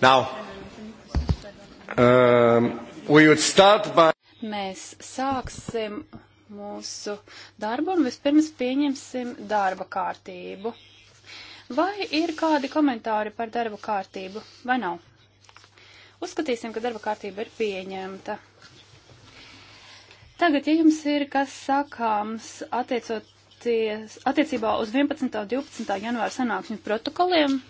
Now, um, we would start by... Mēs sāksim mūsu darbu un vispirms pieņemsim darba kārtību. Vai ir kādi komentāri par darba kārtību, vai nav? Uzskatīsim, ka darba kārtība ir pieņemta. Tagad, ja jums ir kas sakāms attiecībā uz 11. un 12. janvāra sanāksmju protokoliem,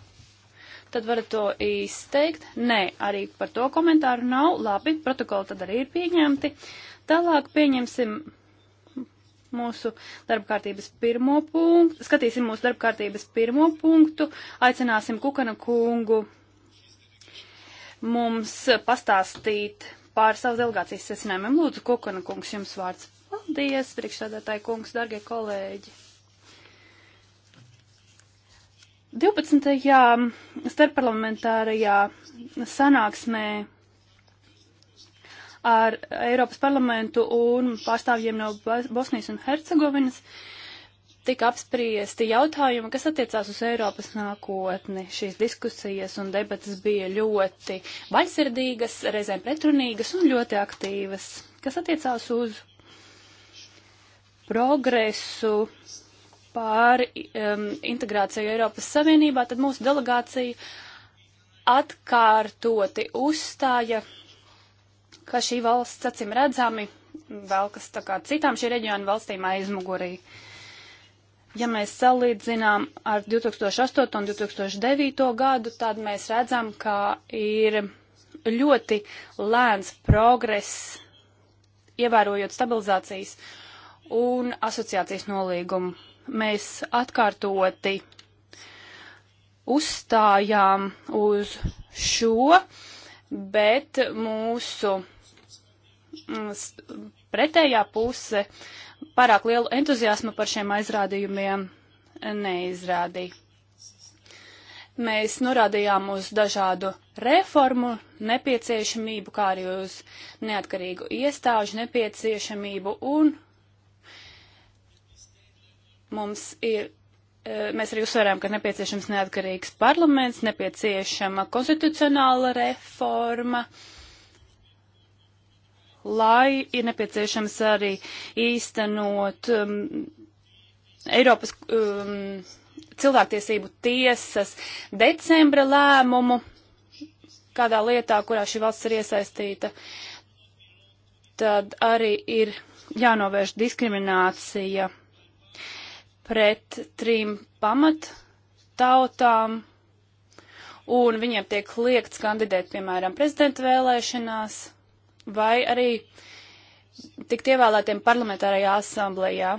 tad varat to izteikt. Nē, arī par to komentāru nav. Labi, protokoli tad arī ir pieņemti. Tālāk pieņemsim mūsu darbkārtības pirmo punktu, skatīsim mūsu darbkārtības pirmo punktu, aicināsim Kukana kungu mums pastāstīt pār savas delegācijas sesinājumiem. Lūdzu, Kukana kungs, jums vārds. Paldies, priekšstādātāji kungs, dargie kolēģi! 12. starpparlamentārajā sanāksmē ar Eiropas parlamentu un pārstāvjiem no Bosnijas un Hercegovinas tika apspriesti jautājumi, kas attiecās uz Eiropas nākotni. Šīs diskusijas un debatas bija ļoti vaļsirdīgas, reizēm pretrunīgas un ļoti aktīvas, kas attiecās uz progresu par um, integrāciju Eiropas Savienībā, tad mūsu delegācija atkārtoti uzstāja, ka šī valsts acīm redzami velkas tā kā citām šī reģiona valstīm aizmugurī. Ja mēs salīdzinām ar 2008 un 2009 gadu, tad mēs redzam, ka ir ļoti lēns progress, ievērojot stabilizācijas un asociācijas nolīgumu mēs atkārtoti uzstājām uz šo, bet mūsu mm, pretējā puse pārāk lielu entuziasmu par šiem aizrādījumiem neizrādīja. Mēs norādījām uz dažādu reformu nepieciešamību, kā arī uz neatkarīgu iestāžu nepieciešamību un Mums ir e, mēs arī uzsverām, ka nepieciešams neatkarīgs parlaments, nepieciešama konstitucionāla reforma, lai ir nepieciešams arī īstenot um, Eiropas um, cilvēktiesību tiesas decembra lēmumu kādā lietā, kurā šī valsts ir iesaistīta, tad arī ir jānovērš diskriminācija pret trim pamat tautām, un viņiem tiek liekts kandidēt, piemēram, prezidenta vēlēšanās, vai arī tikt ievēlētiem parlamentārajā asamblējā.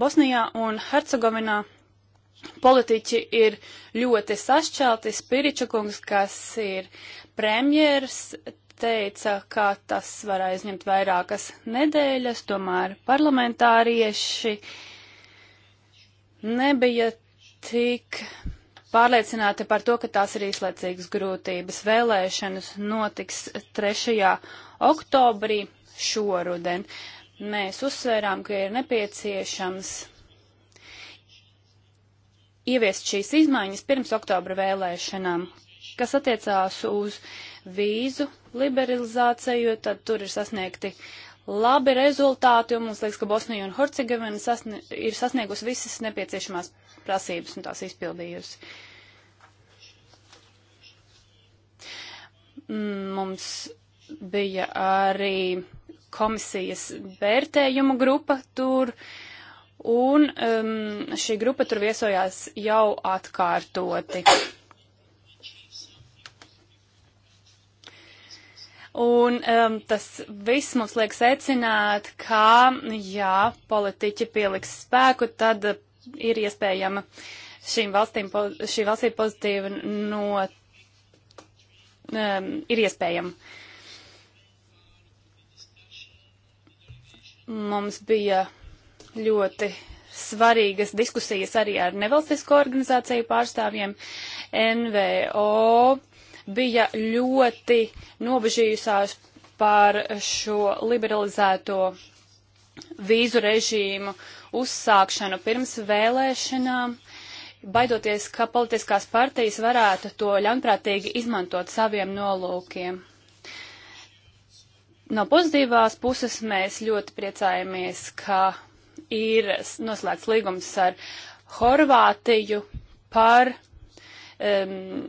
Bosnijā un Hercegovinā politiķi ir ļoti sašķelti. Spiričakungs, kas ir premjers, teica, ka tas var aizņemt vairākas nedēļas, tomēr parlamentārieši nebija tik pārliecināti par to, ka tās ir īslēcīgas grūtības. Vēlēšanas notiks 3. oktobrī šoruden. Mēs uzsvērām, ka ir nepieciešams ieviest šīs izmaiņas pirms oktobra vēlēšanām, kas attiecās uz uh, vīzu liberalizāciju, tad tur ir sasniegti labi rezultāti, un mums liekas, ka Bosnija un Hercegovina sasnie ir sasniegusi visas nepieciešamās prasības un tās izpildījusi. Mm, mums bija arī komisijas vērtējumu grupa tur, un um, šī grupa tur viesojās jau atkārtoti. Un um, tas viss mums liek secināt, ka, ja politiķi pieliks spēku, tad ir iespējama šīm valstīm, šī valstī pozitīva no, um, ir iespējama. Mums bija ļoti svarīgas diskusijas arī ar nevalstisko organizāciju pārstāvjiem, NVO bija ļoti nobežījusies par šo liberalizēto vīzu režīmu uzsākšanu pirms vēlēšanām, baidoties, ka politiskās partijas varētu to ļaunprātīgi izmantot saviem nolūkiem. No pozitīvās puses mēs ļoti priecājamies, ka ir noslēgts līgums ar Horvātiju par um,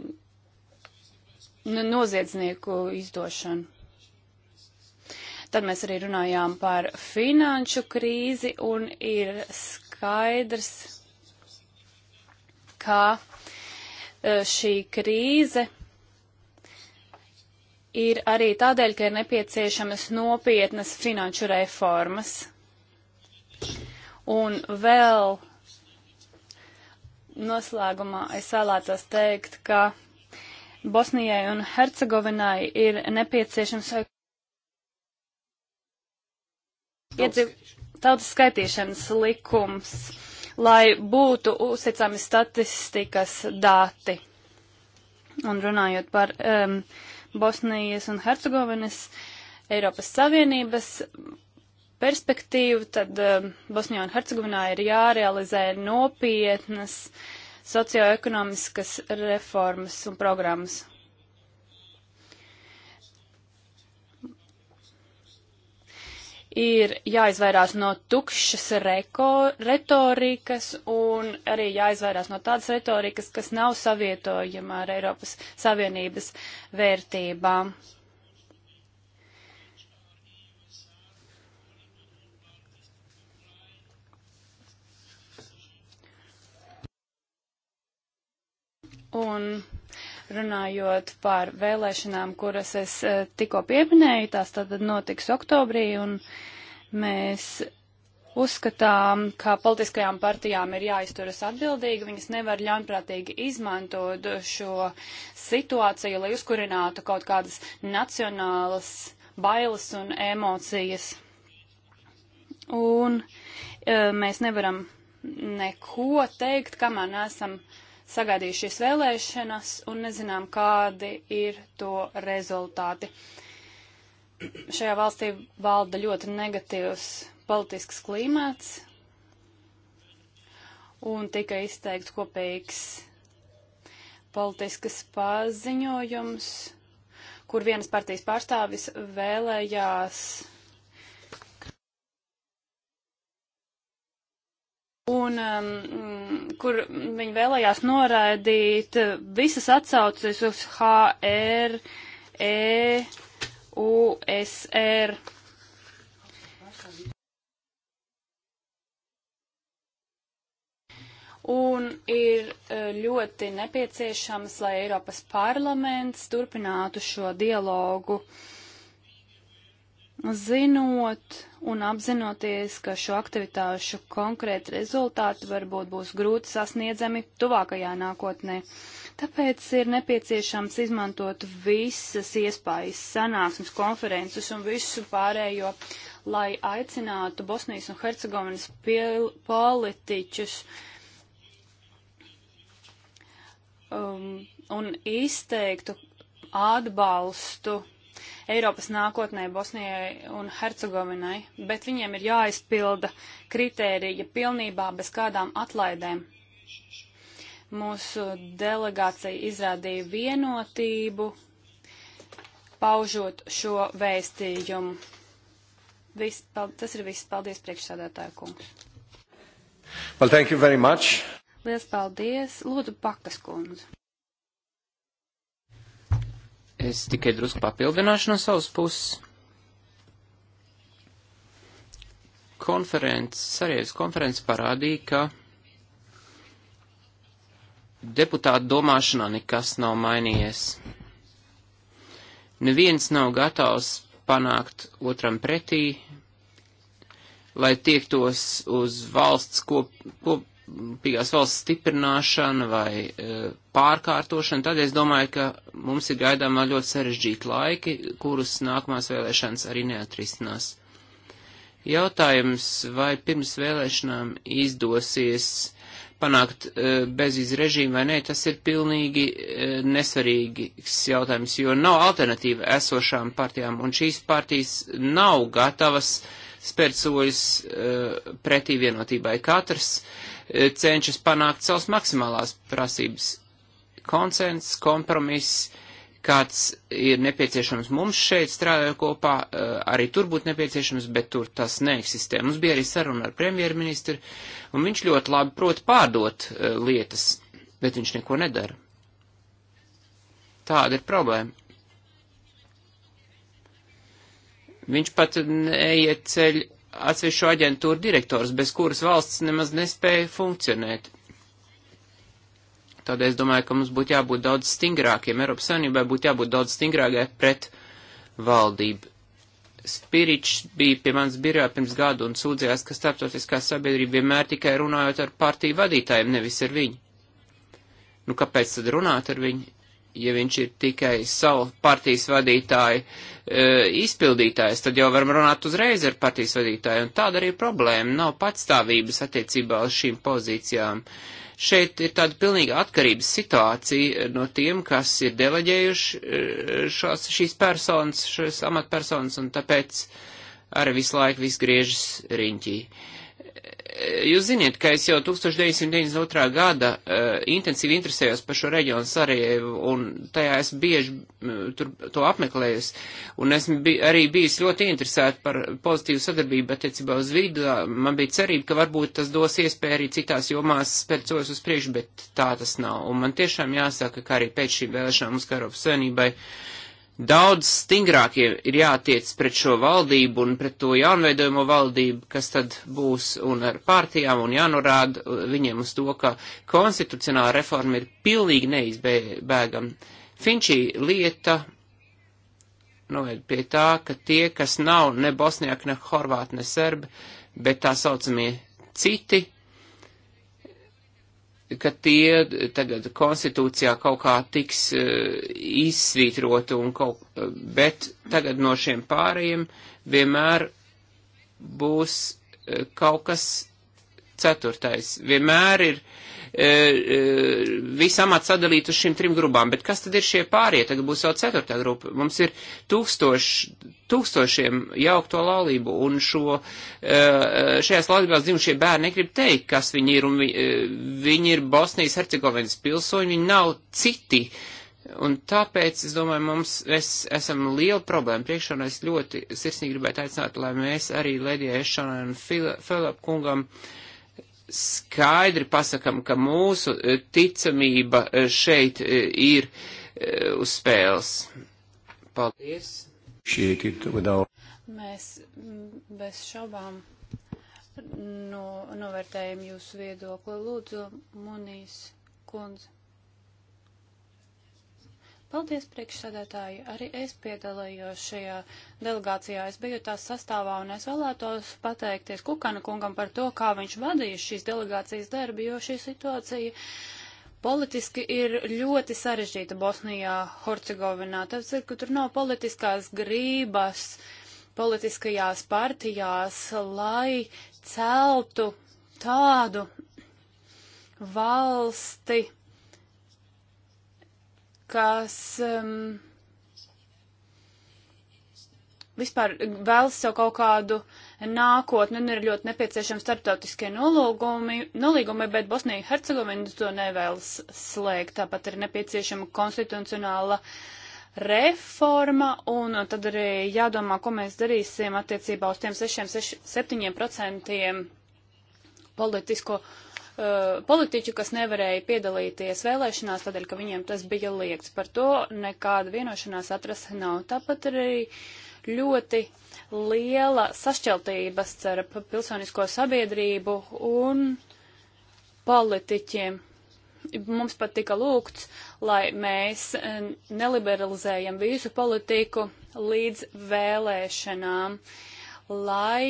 noziedznieku izdošanu. Tad mēs arī runājām par finanšu krīzi un ir skaidrs, ka e, šī krīze ir arī tādēļ, ka ir nepieciešamas nopietnas finanšu reformas. Un vēl noslēgumā es vēlētos teikt, ka Bosnijai un Hercegovinai ir nepieciešams iedzīv... tautas skaitīšanas likums, lai būtu uzticami statistikas dati. Un runājot par um, Bosnijas un Hercegovinas Eiropas Savienības perspektīvu, tad um, Bosnijā un Hercegovinā ir jārealizē nopietnas uh, socioekonomiskas reformas un programmas. Ir jāizvairās no tukšas reko, retorikas un arī jāizvairās no tādas retorikas, kas nav savietojama ar Eiropas Savienības vērtībām. Un runājot par vēlēšanām, kuras es eh, tikko pieminēju, tās tad notiks oktobrī, un mēs uzskatām, ka politiskajām partijām ir jāizturas atbildīgi, viņas nevar ļaunprātīgi izmantot šo situāciju, lai uzkurinātu kaut kādas nacionālas bailes un emocijas. Un e, mēs nevaram neko teikt, kamēr neesam uh, sagaidīju šīs vēlēšanas un nezinām, kādi ir to rezultāti. Šajā valstī valda ļoti negatīvs politisks klimats un tika izteikts kopīgs politiskas paziņojums, kur vienas partijas pārstāvis vēlējās un um, kur viņi vēlējās noraidīt visas atsauces uz HR, E, U, S, R. Un ir uh, ļoti nepieciešams, lai Eiropas parlaments turpinātu šo dialogu uh, Zinot un apzinoties, ka šo aktivitāšu konkrēti rezultāti varbūt būs grūti sasniedzami tuvākajā nākotnē, tāpēc ir nepieciešams izmantot visas iespējas, sanāksmes, konferences un visu pārējo, lai aicinātu Bosnijas un Hercegovinas politiķus um, un izteiktu atbalstu Eiropas nākotnē Bosnijai un Hercegovinai, bet viņiem ir jāizpilda kritērija pilnībā bez kādām atlaidēm. Mūsu delegācija izrādīja vienotību, paužot šo vēstījumu. Vis, pal, tas ir viss. Paldies, priekšsādātāja kungs. Well, thank you very much. Lielas paldies. Lūdzu, Pakas kundze. Es tikai drusku papildināšu no savas puses. Konferences, Sarajevas konferences parādīja, ka deputātu domāšanā nekas nav mainījies. Neviens nav gatavs panākt otram pretī, lai tiektos uz valsts kop, kop, kopīgās valsts stiprināšana vai e, pārkārtošana, tad es domāju, ka mums ir gaidāmā ļoti sarežģīti laiki, kurus nākamās vēlēšanas arī neatrisinās. Jautājums, vai pirms vēlēšanām izdosies panākt e, bezvīz režīmu vai nē, tas ir pilnīgi e, nesvarīgs jautājums, jo nav alternatīva esošām partijām, un šīs partijas nav gatavas uh, spērt soļus uh, eh, pretī vienotībai. Katrs uh, cenšas panākt savas maksimālās prasības. Konsens, kompromiss, kāds ir nepieciešams mums šeit strādājot kopā, uh, arī tur būtu nepieciešams, bet tur tas neeksistē. Mums bija arī saruna ar premjerministru, un viņš ļoti labi prot pārdot lietas, bet viņš neko nedara. Tāda ir problēma. Viņš pat neieceļ atsevišķu aģentūru direktors, bez kuras valsts nemaz nespēja funkcionēt. Tādēļ es domāju, ka mums būtu jābūt daudz stingrākiem, Eiropas Savienībai būtu jābūt daudz stingrākai pret valdību. Spiričs bija pie manas birā pirms gadu un sūdzējās, ka starptautiskā sabiedrība vienmēr tikai runājot ar partiju vadītājiem, nevis ar viņu. Nu, kāpēc tad runāt ar viņu? ja viņš ir tikai savu partijas vadītāju e, izpildītājs, tad jau varam runāt uzreiz ar partijas vadītāju, un tāda arī problēma, nav patstāvības attiecībā uz šīm pozīcijām. Šeit ir tāda pilnīga atkarības situācija no tiem, kas ir deleģējuši e, šos, šīs personas, šīs amatpersonas, un tāpēc arī visu laiku viss griežas riņķī. Uh, Jūs ziniet, ka es jau 1992. gada uh, intensīvi interesējos par šo reģionu Sarajevu, un tajā es bieži uh, tur, to apmeklējus, un esmu bi arī bijis ļoti interesēta par pozitīvu sadarbību attiecībā uz vidu. Man bija cerība, ka varbūt tas dos iespēju arī citās jomās spērt soļus uz priekšu, bet tā tas nav. Un man tiešām jāsaka, ka arī pēc šīm vēlēšanām uz Eiropas Savienībai uh, daudz stingrākie ir jātiec pret šo valdību un pret to jaunveidojamo valdību, kas tad būs un ar pārtījām un jānorāda viņiem uz to, ka konstitucionāla reforma ir pilnīgi neizbēgama. Finčī lieta noved pie tā, ka tie, kas nav ne bosnieki, ne horvāti, ne serbi, bet tā saucamie citi, ka tie tagad konstitūcijā kaut kā tiks uh, eh, izsvītroti un kaut, bet tagad no šiem pārējiem vienmēr būs uh, kaut kas ceturtais. Vienmēr ir uh, E, e, visu amatu sadalīt uz šīm trim grupām. Bet kas tad ir šie pārējie? Tagad būs vēl ceturtā grupa. Mums ir tūkstoš, tūkstošiem jaukto laulību, un šo, e, šajās laulībās dzimušie bērni negrib teikt, kas viņi ir, un viņi, viņi ir Bosnijas Hercegovinas pilsoņi, viņi nav citi. Un tāpēc, es domāju, mums es, esam liela problēma priekšā, un es ļoti sirsnīgi gribētu aicināt, lai mēs arī Ledijai Ešanai un Filipu kungam uh, skaidri pasakam, ka mūsu e, ticamība e, šeit e, ir uz spēles. Paldies! Mēs bez šaubām no, nu, novērtējam jūsu viedokli. Lūdzu, Munīs kundze. Paldies, priekšsēdētāji. Arī es piedalījos šajā delegācijā. Es biju tās sastāvā un es vēlētos pateikties Kukana kungam par to, kā viņš vadīja šīs delegācijas darbu, jo šī situācija politiski ir ļoti sarežģīta Bosnijā, Hercegovinā. Tas ir, ka tur nav politiskās grības politiskajās partijās, lai celtu tādu valsti, kas um, vispār vēlas sev kaut kādu nākotni un ir ļoti nepieciešami starptautiskie nolūgumi, nolīgumi, bet Bosnija Hercegovina to nevēlas slēgt. Tāpat ir nepieciešama konstitucionāla reforma un tad arī jādomā, ko mēs darīsim attiecībā uz tiem 6-7% politisko. 6, Uh, politiķu, kas nevarēja piedalīties vēlēšanās, tādēļ, ka viņiem tas bija liegts. Par to nekāda vienošanās atrast nav. Tāpat arī ļoti liela sašķeltība starp pilsonisko sabiedrību un politiķiem. Mums pat tika lūgts, lai mēs eh, neliberalizējam visu politiku līdz vēlēšanām, lai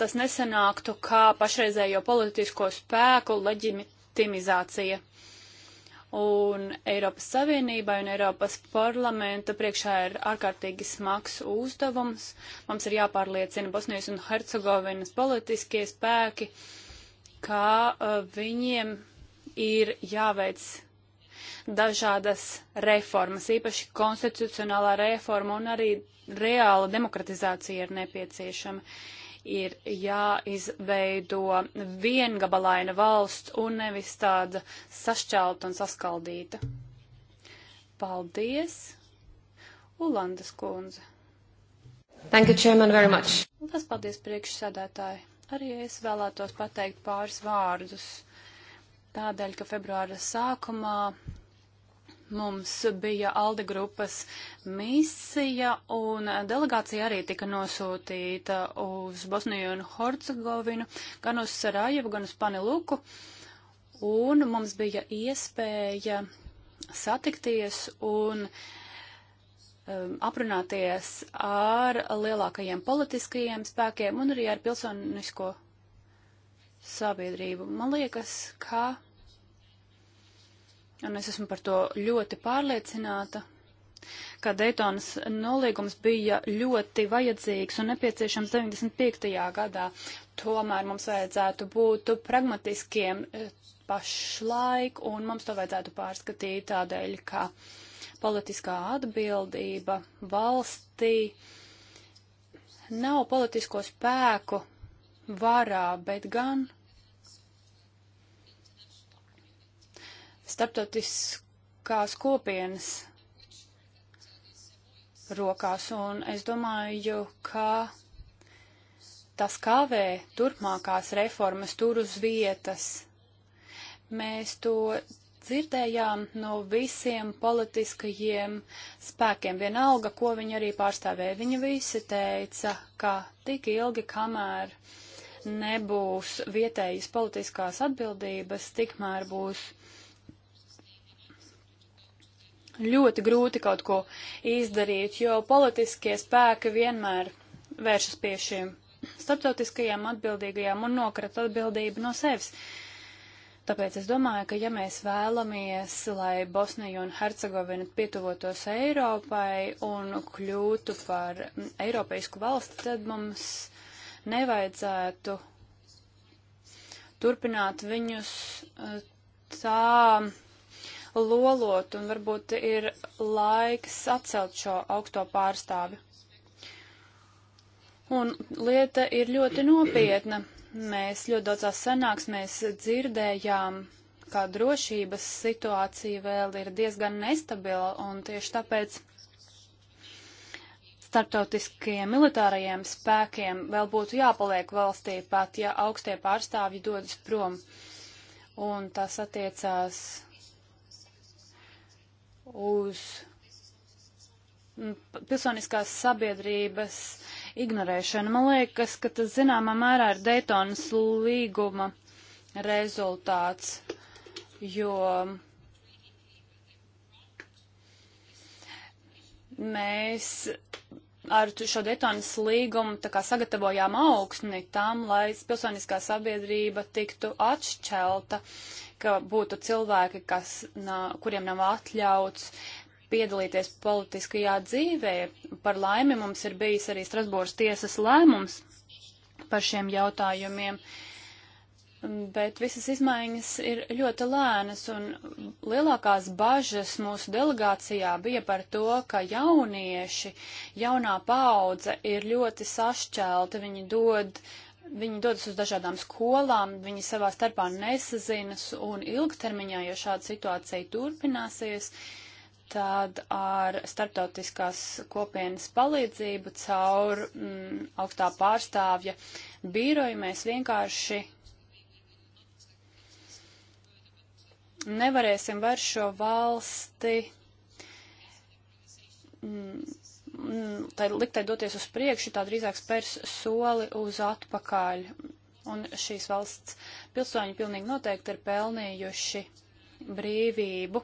tas nesanāktu kā pašreizējo politisko spēku leģitimizācija. Un Eiropas Savienībai un Eiropas parlamenta priekšā ir ārkārtīgi smags uzdevums. Mums ir jāpārliecina Bosnijas un Hercegovinas politiskie spēki, ka uh, viņiem ir jāveic dažādas reformas, īpaši konstitucionālā reforma un arī reāla demokratizācija ir nepieciešama. Uh, ir jāizveido viengabalaina valsts un nevis tāda sašķelta un saskaldīta. Paldies, Ulandes kundze. Thank you, Chairman, very much. Tas paldies priekšsēdētāji. Arī es vēlētos pateikt pāris vārdus. Tādēļ, ka februāra sākumā Mums bija Alde grupas misija, un delegācija arī tika nosūtīta uz Bosniju un Hercegovinu, gan uz Sarajevu, gan uz Paneluku. Un mums bija iespēja satikties un um, aprunāties ar lielākajiem politiskajiem spēkiem un arī ar pilsonisko sabiedrību. Man liekas, ka un es esmu par to ļoti pārliecināta, ka Daytonas nolīgums bija ļoti vajadzīgs un nepieciešams 95. gadā. Tomēr mums vajadzētu būt pragmatiskiem e, pašlaik, un mums to vajadzētu pārskatīt tādēļ, ka politiskā atbildība valstī nav politisko spēku varā, bet gan starptautiskās kopienas rokās, un es domāju, ka tas kavē turpmākās reformas tur uz vietas. Mēs to dzirdējām no visiem politiskajiem spēkiem, vienalga, ko viņi arī pārstāvēja. Viņi visi teica, ka tik ilgi, kamēr nebūs vietējas politiskās atbildības, tikmēr būs ļoti grūti kaut ko izdarīt, jo politiskie spēki vienmēr vēršas pie šiem starptautiskajiem atbildīgajiem un nokrat atbildību no sevis. Tāpēc es domāju, ka ja mēs vēlamies, lai Bosnija un Hercegovina pietuvotos Eiropai un kļūtu par Eiropeisku valsti, tad mums nevajadzētu turpināt viņus eh, tā lolot, un varbūt ir laiks atcelt šo augsto pārstāvi. Un lieta ir ļoti nopietna. Mēs ļoti daudzās sanāksmēs dzirdējām, kā drošības situācija vēl ir diezgan nestabila, un tieši tāpēc starptautiskajiem militārajiem spēkiem vēl būtu jāpaliek valstī, pat ja augstie pārstāvji dodas prom. Un tas attiecās uz pilsoniskās sabiedrības ignorēšanu. Man liekas, ka tas zināmā mērā ir Daytonas līguma rezultāts, jo mēs ar šo Daytonas līgumu tā kā sagatavojām augsni tam, lai pilsoniskā sabiedrība tiktu atšķelta. Uh, ka būtu cilvēki, kas, nā, kuriem nav atļauts piedalīties politiskajā dzīvē. Par laimi mums ir bijis arī Strasbūras tiesas lēmums par šiem jautājumiem. Bet visas izmaiņas ir ļoti lēnas, un lielākās bažas mūsu delegācijā bija par to, ka jaunieši, jaunā paudze ir ļoti sašķelta, viņi dod uh, Viņi dodas uz dažādām skolām, viņi savā starpā nesazinas un ilgtermiņā, ja šāda situācija turpināsies, tad ar starptautiskās kopienas palīdzību caur mm, augstā pārstāvja bīroju mēs vienkārši nevarēsim vairs šo valsti mm, tai liktai doties uz priekšu, tā drīzāk spērs soli uz atpakaļ. Un šīs valsts pilsoņi pilnīgi noteikti ir pelnījuši brīvību.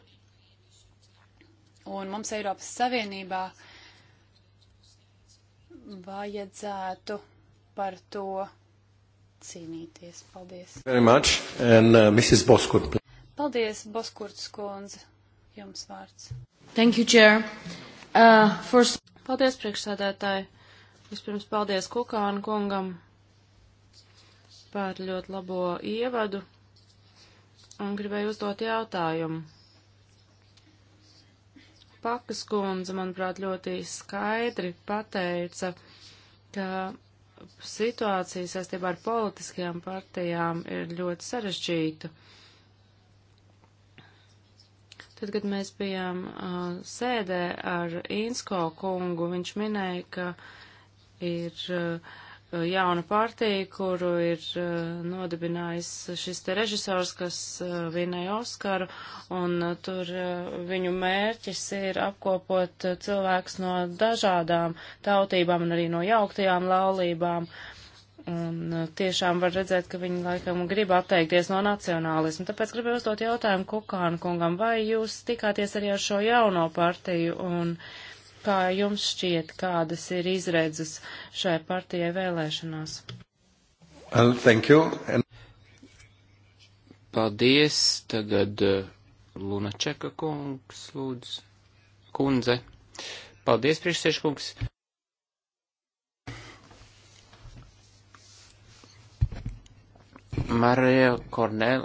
Un mums Eiropas Savienībā vajadzētu par to cīnīties. Paldies. Very much. And uh, Mrs. Boskurt. Please. Paldies, Boskurts kundze. Jums vārds. Thank you, Chair. Uh, first... Paldies, priekšsēdētāji. Vispirms paldies Kukānu kungam par ļoti labo ievadu un gribēju uzdot jautājumu. Pakas kundze, manuprāt, ļoti skaidri pateica, ka situācija saistībā ar politiskajām partijām ir ļoti sarežģīta. Uh, Tad, kad mēs bijām uh, sēdē ar Insko kungu, viņš minēja, ka ir uh, jauna partija, kuru ir uh, nodibinājis šis te režisors, kas uh, vinēja Oskaru, un uh, tur uh, viņu mērķis ir apkopot uh, cilvēks no dažādām tautībām un arī no jauktajām laulībām. Uh, Un uh, tiešām var redzēt, ka viņi laikam grib atteikties no nacionālismu. Tāpēc gribēju uzdot jautājumu Kukānu kungam, vai jūs tikāties arī ar šo jauno partiju un kā jums šķiet, kādas ir izredzes šai partijai vēlēšanās? Well, thank you. And... Paldies. Tagad uh, Lunačeka kungs lūdzu. Kundze. Paldies, priekšsēžkungs. Marija Kornel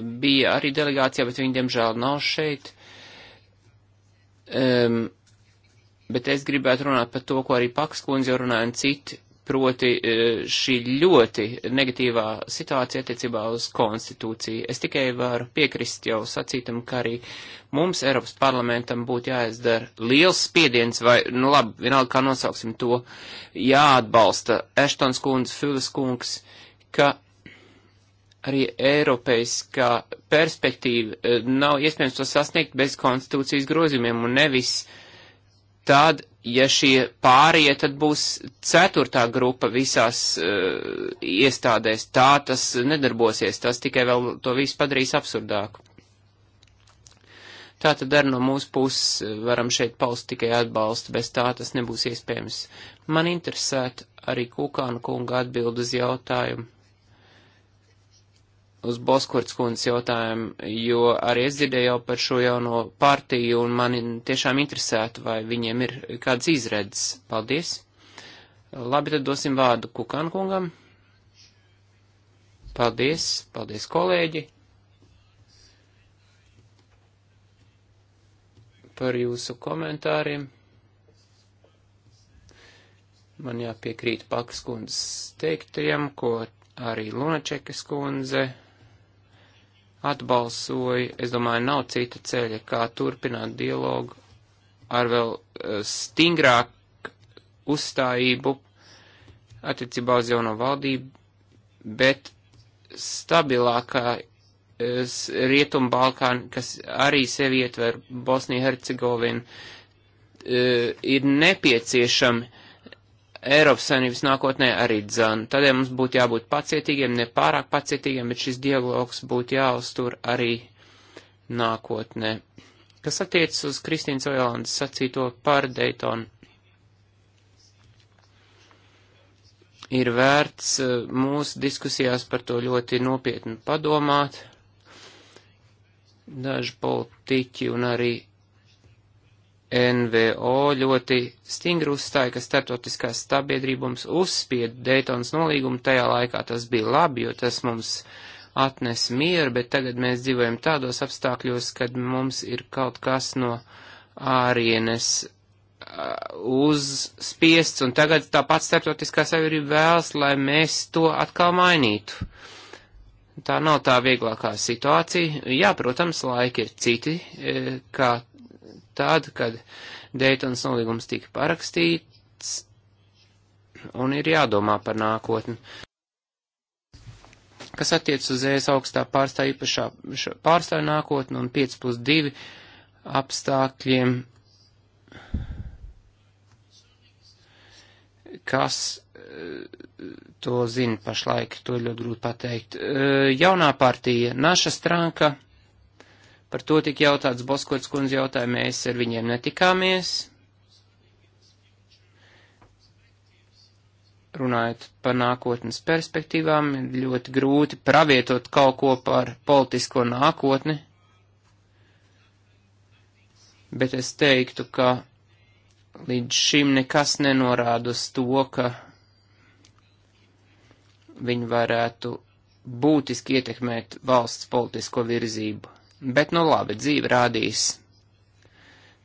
bija arī delegācijā, bet viņa diemžēl nav šeit. Um, bet es gribētu runāt par to, ko arī Paks kundze jau runāja un citi, proti e, šī ļoti negatīvā situācija attiecībā uz konstitūciju. Es tikai varu piekrist jau sacītam, ka arī mums Eiropas parlamentam būtu jāizdara liels spiediens, vai, nu labi, vienalga kā nosauksim to, jāatbalsta Eštons kundze, Filis kungs. Uh, ka arī eiropeiskā perspektīva e, nav iespējams to sasniegt bez konstitūcijas grozījumiem un nevis tad, ja šie pārie, tad būs ceturtā grupa visās uh, iestādēs. Tā tas nedarbosies, tas tikai vēl to visu padarīs absurdāku. Tā tad arī no mūsu puses e, varam šeit paust tikai atbalstu, bez tā tas nebūs iespējams. Man interesētu arī Kukāna kunga atbild uz jautājumu uz Boskurts kundzes jautājumu, jo arī es dzirdēju jau par šo jauno partiju un mani tiešām interesētu, vai viņiem ir kāds izredzes. Paldies! Labi, tad dosim vārdu Kukan kungam. Paldies, paldies kolēģi par jūsu komentāriem. Man jāpiekrīt Pakas kundzes teiktajam, ko arī Lunačekas kundze atbalsoja, es domāju, nav cita ceļa, kā turpināt dialogu ar vēl eh, stingrāk uzstājību attiecībā uz jauno valdību, bet stabilākā eh, Rietumu Balkānu, kas arī sevi ietver Bosniju Hercegovinu, eh, ir nepieciešami Eiropas Savienības nākotnē arī dzan. Tādēļ mums būtu jābūt pacietīgiem, ne pārāk pacietīgiem, bet šis dialogs būtu jāuztur arī nākotnē. Kas attiecas uz Kristīnas Ojolandes sacīto par Daytonu, ir vērts eh, mūsu diskusijās par to ļoti nopietni padomāt. Daži politiķi un arī NVO ļoti stingri uzstāja, ka startotiskās sabiedrības uzspied Daytonas nolīgumu. Tajā laikā tas bija labi, jo tas mums atnes mieru, bet tagad mēs dzīvojam tādos apstākļos, kad mums ir kaut kas no ārienes uh, uzspiests, un tagad tāpat starptautiskā sabiedrība vēlas, lai mēs to atkal mainītu. Tā nav tā vieglākā situācija. Jā, protams, laiki ir citi, eh, kā tad, kad Daytonas nolīgums tika parakstīts, un ir jādomā par nākotni. Kas attiec uz ES augstā pārstāja īpašā pārstāja nākotni un 5 plus 2 apstākļiem, kas eh, to zina pašlaik, to ļoti grūti pateikt. Eh, jaunā partija, naša stranka, Par to tik jautāts Boskots kundze jautāja, mēs ar viņiem netikāmies. Runājot par nākotnes perspektīvām, ir ļoti grūti pravietot kaut ko par politisko nākotni, bet es teiktu, ka līdz šim nekas nenorāda uz to, ka viņi varētu būtiski ietekmēt valsts politisko virzību. Bet nu labi, dzīve rādīs.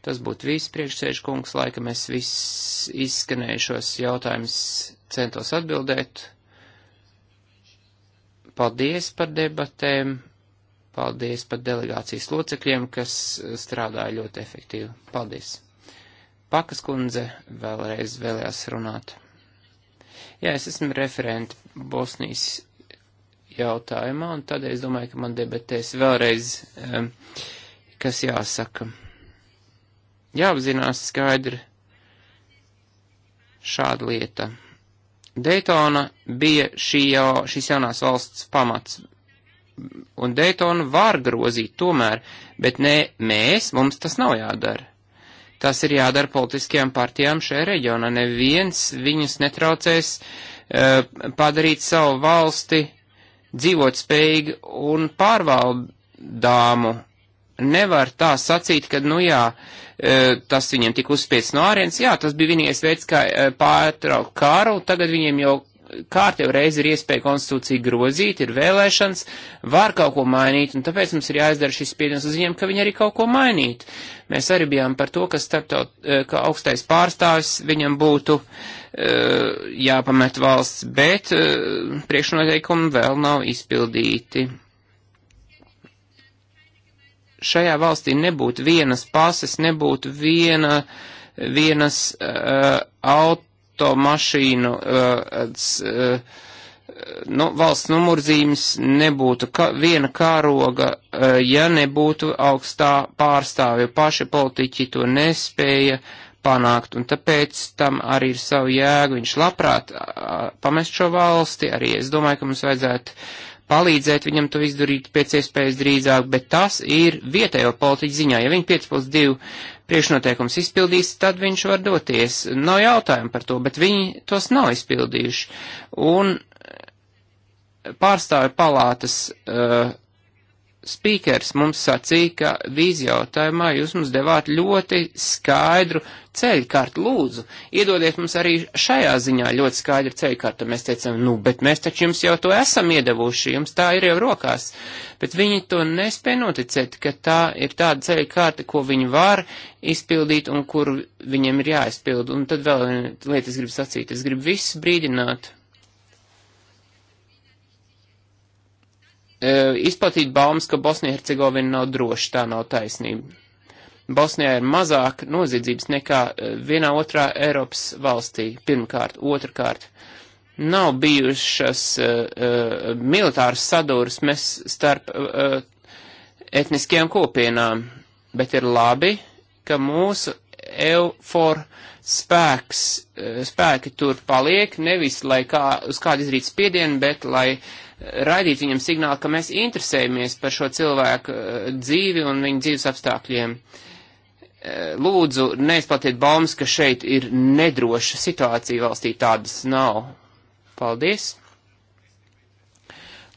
Tas būtu viss priekšsēžu kungs, laika mēs viss izskanējušos jautājumus centos atbildēt. Paldies par debatēm, paldies par delegācijas locekļiem, kas strādāja ļoti efektīvi. Paldies! Pakas kundze vēlreiz vēlējās runāt. Jā, es esmu referenti Bosnijas jautājumā, un tādēļ es domāju, ka man debatēs vēlreiz um, kas jāsaka. Jāapzinās skaidri šāda lieta. Daytona bija šī jau, šīs jaunās valsts pamats, un Daytonu var grozīt tomēr, bet ne mēs, mums tas nav jādara. Tas ir jādara politiskajām partijām šajā reģionā. Neviens viņus netraucēs uh, padarīt savu valsti uh, dzīvot spējīgu un pārvaldāmu. Nevar tā sacīt, ka, nu jā, e, tas viņiem tik uzspiec no ārienes, jā, tas bija vienīgais veids, kā e, pārtraukt kāru, tagad viņiem jau kārtējo reizi ir iespēja konstitūciju grozīt, ir vēlēšanas, var kaut ko mainīt, un tāpēc mums ir jāizdara šis spiediens uz viņiem, ka viņi arī kaut ko mainītu. Mēs arī bijām par to, ka, starptaut, e, ka augstais pārstāvis viņam būtu uh, Eh, jāpamet valsts, bet eh, priekšnoteikumi vēl nav izpildīti. Šajā valstī nebūtu vienas pases, nebūtu viena, vienas uh, automašīnu, uh, uh, nu, valsts numurzīmes, nebūtu ka, viena kāroga, uh, ja nebūtu augstā pārstāvja. Paši politiķi to nespēja uh, panākt, un tāpēc tam arī ir savu jēgu. Viņš labprāt pamest šo valsti, arī es domāju, ka mums vajadzētu palīdzēt viņam to izdarīt pēc iespējas drīzāk, bet tas ir vietējo politiķu ziņā. Ja viņi 5 plus 2 priekšnoteikums izpildīs, tad viņš var doties. Nav jautājumu par to, bet viņi tos nav izpildījuši. Un pārstāvju palātas uh, spīkers mums sacīja, ka vīzi jautājumā jūs mums devāt ļoti skaidru ceļkārtu lūdzu. Iedodiet mums arī šajā ziņā ļoti skaidru ceļkārtu. Mēs teicam, nu, bet mēs taču jums jau to esam iedevuši, jums tā ir jau rokās. Bet viņi to nespēja noticēt, ka tā ir tāda ceļkārta, ko viņi var izpildīt un kur viņiem ir jāizpild. Un tad vēl viena lieta es gribu sacīt. Es gribu visus brīdināt E, izplatīt baumas, ka Bosnija-Hercegovina nav droša, tā nav taisnība. Bosnijā ir mazāk noziedzības nekā e, vienā otrā Eiropas valstī, pirmkārt, otrkārt. Nav bijušas uh, uh, militāras sadūras mēs starp uh, etniskajām kopienām, bet ir labi, ka mūsu EUFOR spēks, uh, spēki tur paliek, nevis lai kā, uz kādu izrīt spiedienu, bet lai uh, raidīt viņam signālu, ka mēs interesējamies par šo cilvēku eh, dzīvi un viņa dzīves apstākļiem. Eh, lūdzu, neizplatiet baumas, ka šeit ir nedroša situācija valstī, tādas nav. Paldies!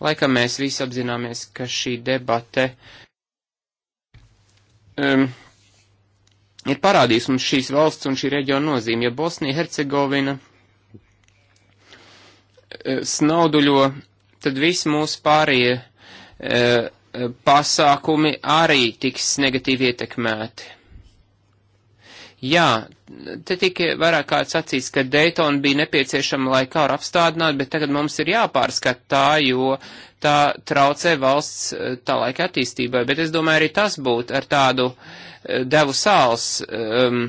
Laikam mēs visi apzināmies, ka šī debate um, ir parādījis mums šīs valsts un šī reģiona nozīme. Ja Bosnija, Hercegovina eh, snauduļo tad visi mūsu pārējie e, pasākumi arī tiks negatīvi ietekmēti. Jā, te tika vairāk kāds acīs, ka Dayton bija nepieciešama, lai karu apstādinātu, bet tagad mums ir jāpārskata tā, jo tā traucē valsts e, tā laika attīstībai. Bet es domāju, arī tas būtu ar tādu e, devu sāls um,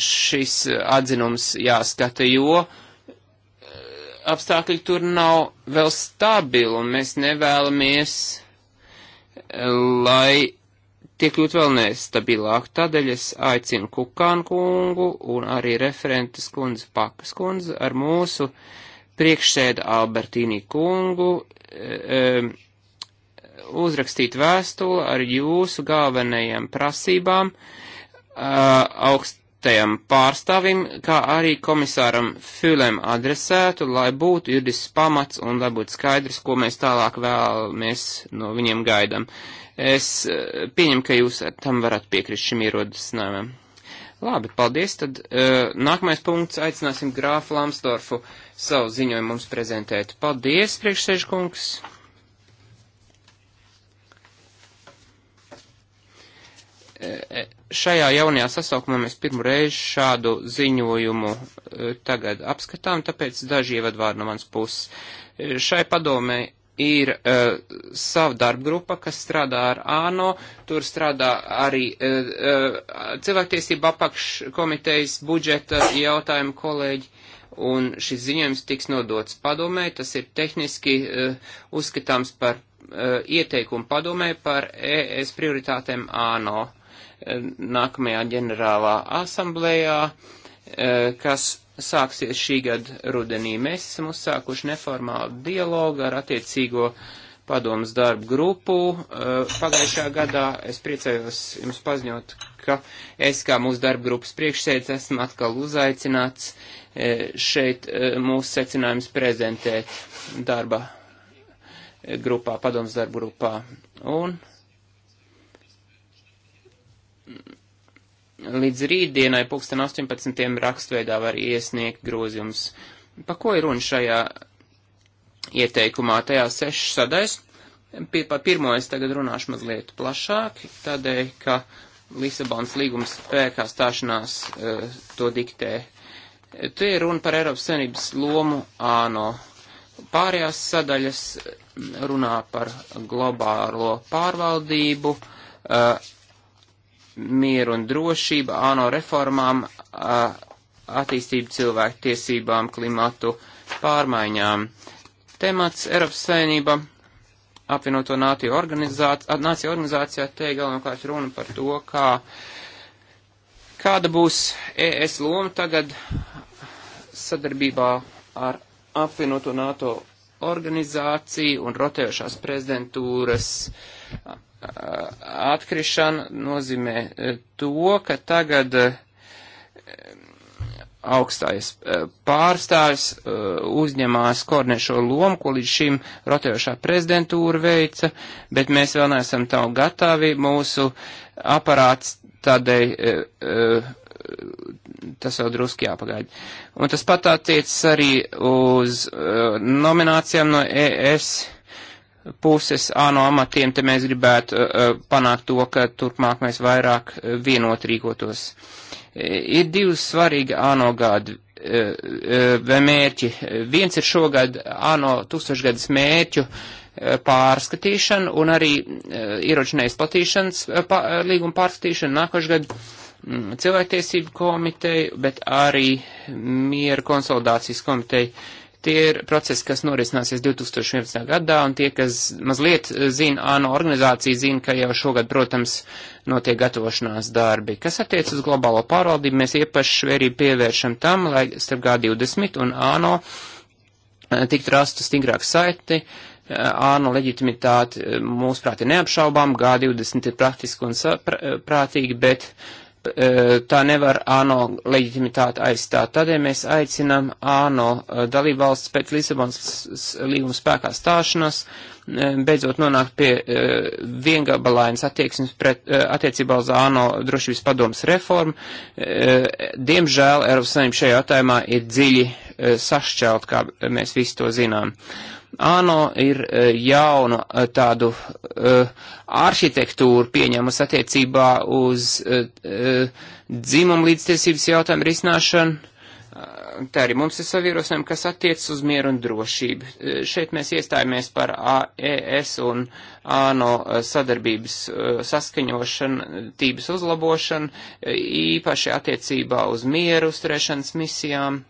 šis atzinums jāskata, jo uh, apstākļi tur nav vēl stabili, un mēs nevēlamies, eh, lai tie kļūtu vēl nestabilāk. Tādēļ es aicinu Kukānu kungu un arī referentes kundzi Pakas kundzi ar mūsu priekšsēda Albertīnī kungu e, e, uzrakstīt vēstuli ar jūsu galvenajām prasībām e, augst augstajam pārstāvim, kā arī komisāram Fülem adresētu, lai būtu juridisks pamats un lai būtu skaidrs, ko mēs tālāk vēlamies no viņiem gaidām. Es eh, pieņemu, ka jūs tam varat piekrist šim ierodasinājumam. Labi, paldies. Tad uh, nākamais punkts aicināsim grāfu Lamsdorfu savu ziņojumu mums prezentēt. Paldies, priekšsēžkungs! E, šajā jaunajā sasaukumā mēs pirmo reizi šādu ziņojumu e, tagad apskatām, tāpēc daži ievadvārdi no mans puses. E, šai padomē ir uh, sava darba grupa, kas strādā ar ANO, tur strādā arī uh, uh, cilvēktiesība apakškomitejas budžeta jautājumu kolēģi, un šis ziņojums tiks nodots padomē, tas ir tehniski uh, uzskatāms par uh, ieteikumu padomē par ES prioritātēm ANO nākamajā ģenerālā asamblējā, e, kas sāksies šī gada rudenī. Mēs esam uzsākuši neformālu dialogu ar attiecīgo padomas darbu grupu. E, pagājušā gadā es priecājos jums paziņot, ka es kā mūsu darba grupas priekšsēdz esmu atkal uzaicināts e, šeit mūsu secinājumus prezentēt darba grupā, padomas darba grupā. Un līdz rītdienai pulksten 18. rakstveidā var iesniegt grozījums. Pa ko ir runa šajā ieteikumā? Tajā sešas sadaļas. Pa pirmo es tagad runāšu mazliet plašāk, tādēļ, ka Lisabonas līgums spēkā stāšanās uh, to diktē. Te ir runa par Eiropas Savienības lomu āno. Pārējās sadaļas mm, runā par globālo pārvaldību, uh, mieru un drošība, ANO reformām, attīstību cilvēku tiesībām, klimatu pārmaiņām. Temats Eiropas Savienība apvienoto nāciju organizācijā, nāciju organizācijā te galvenokārt runa par to, kā, kāda būs ES loma tagad sadarbībā ar apvienoto NATO organizāciju un rotējošās prezidentūras atkrišana nozīmē e, to, ka tagad e, augstais e, pārstāvis uzņemās koordinēšo lomu, ko līdz šim rotējošā prezidentūra veica, bet mēs vēl neesam tam gatavi. Mūsu aparāts tādēļ tas jau drusku jāpagaida. Un tas pat attiecas arī uz uh, nominācijām no ES puses ANO amatiem, te mēs gribētu uh, panākt to, ka turpmāk mēs vairāk uh, vienot rīkotos. Ir divi svarīgi ANO gadi vai mērķi. Viens ir šogad ANO tūkstošgadus mērķu pārskatīšana un arī ieročinējas platīšanas pār, līguma pārskatīšana nākošgad. gadu Mm, cilvēktiesību komiteju, bet arī miera konsolidācijas komiteju. Tie ir procesi, kas norisināsies 2011. gadā, un tie, kas mazliet zina ANO organizāciju, zina, ka jau šogad, protams, notiek gatavošanās darbi. Kas attiec uz globālo pārvaldību, mēs iepaši vērību pievēršam tam, lai starp G20 un ANO eh, tiktu rastu stingrāk saiti, ārnu eh, leģitimitāti eh, mūsuprāt ir neapšaubām, G20 ir praktiski un prātīgi, bet E, tā nevar ANO leģitimitāti aizstāt. Tādēļ mēs aicinām ANO e, dalībvalsts pēc Lisabonas līguma spēkā stāšanos e, beidzot nonākt pie viengabalains attieksmes pret, attiecībā uz ANO drošības padomas reformu. Diemžēl Eiropas Savienība šajā jautājumā ir dziļi sašķelt, kā mēs visi to zinām. ANO ir e, jaunu e, tādu e, arhitektūru pieņemas attiecībā uz dzimumu līdztiesības jautājumu risināšanu. Tā arī mums ir savierosinājumi, kas attiec uz mieru un drošību. Šeit mēs iestājāmies par AES un ANO sadarbības saskaņošanu, tības uzlabošanu, īpaši attiecībā uz mieru uzturēšanas misijām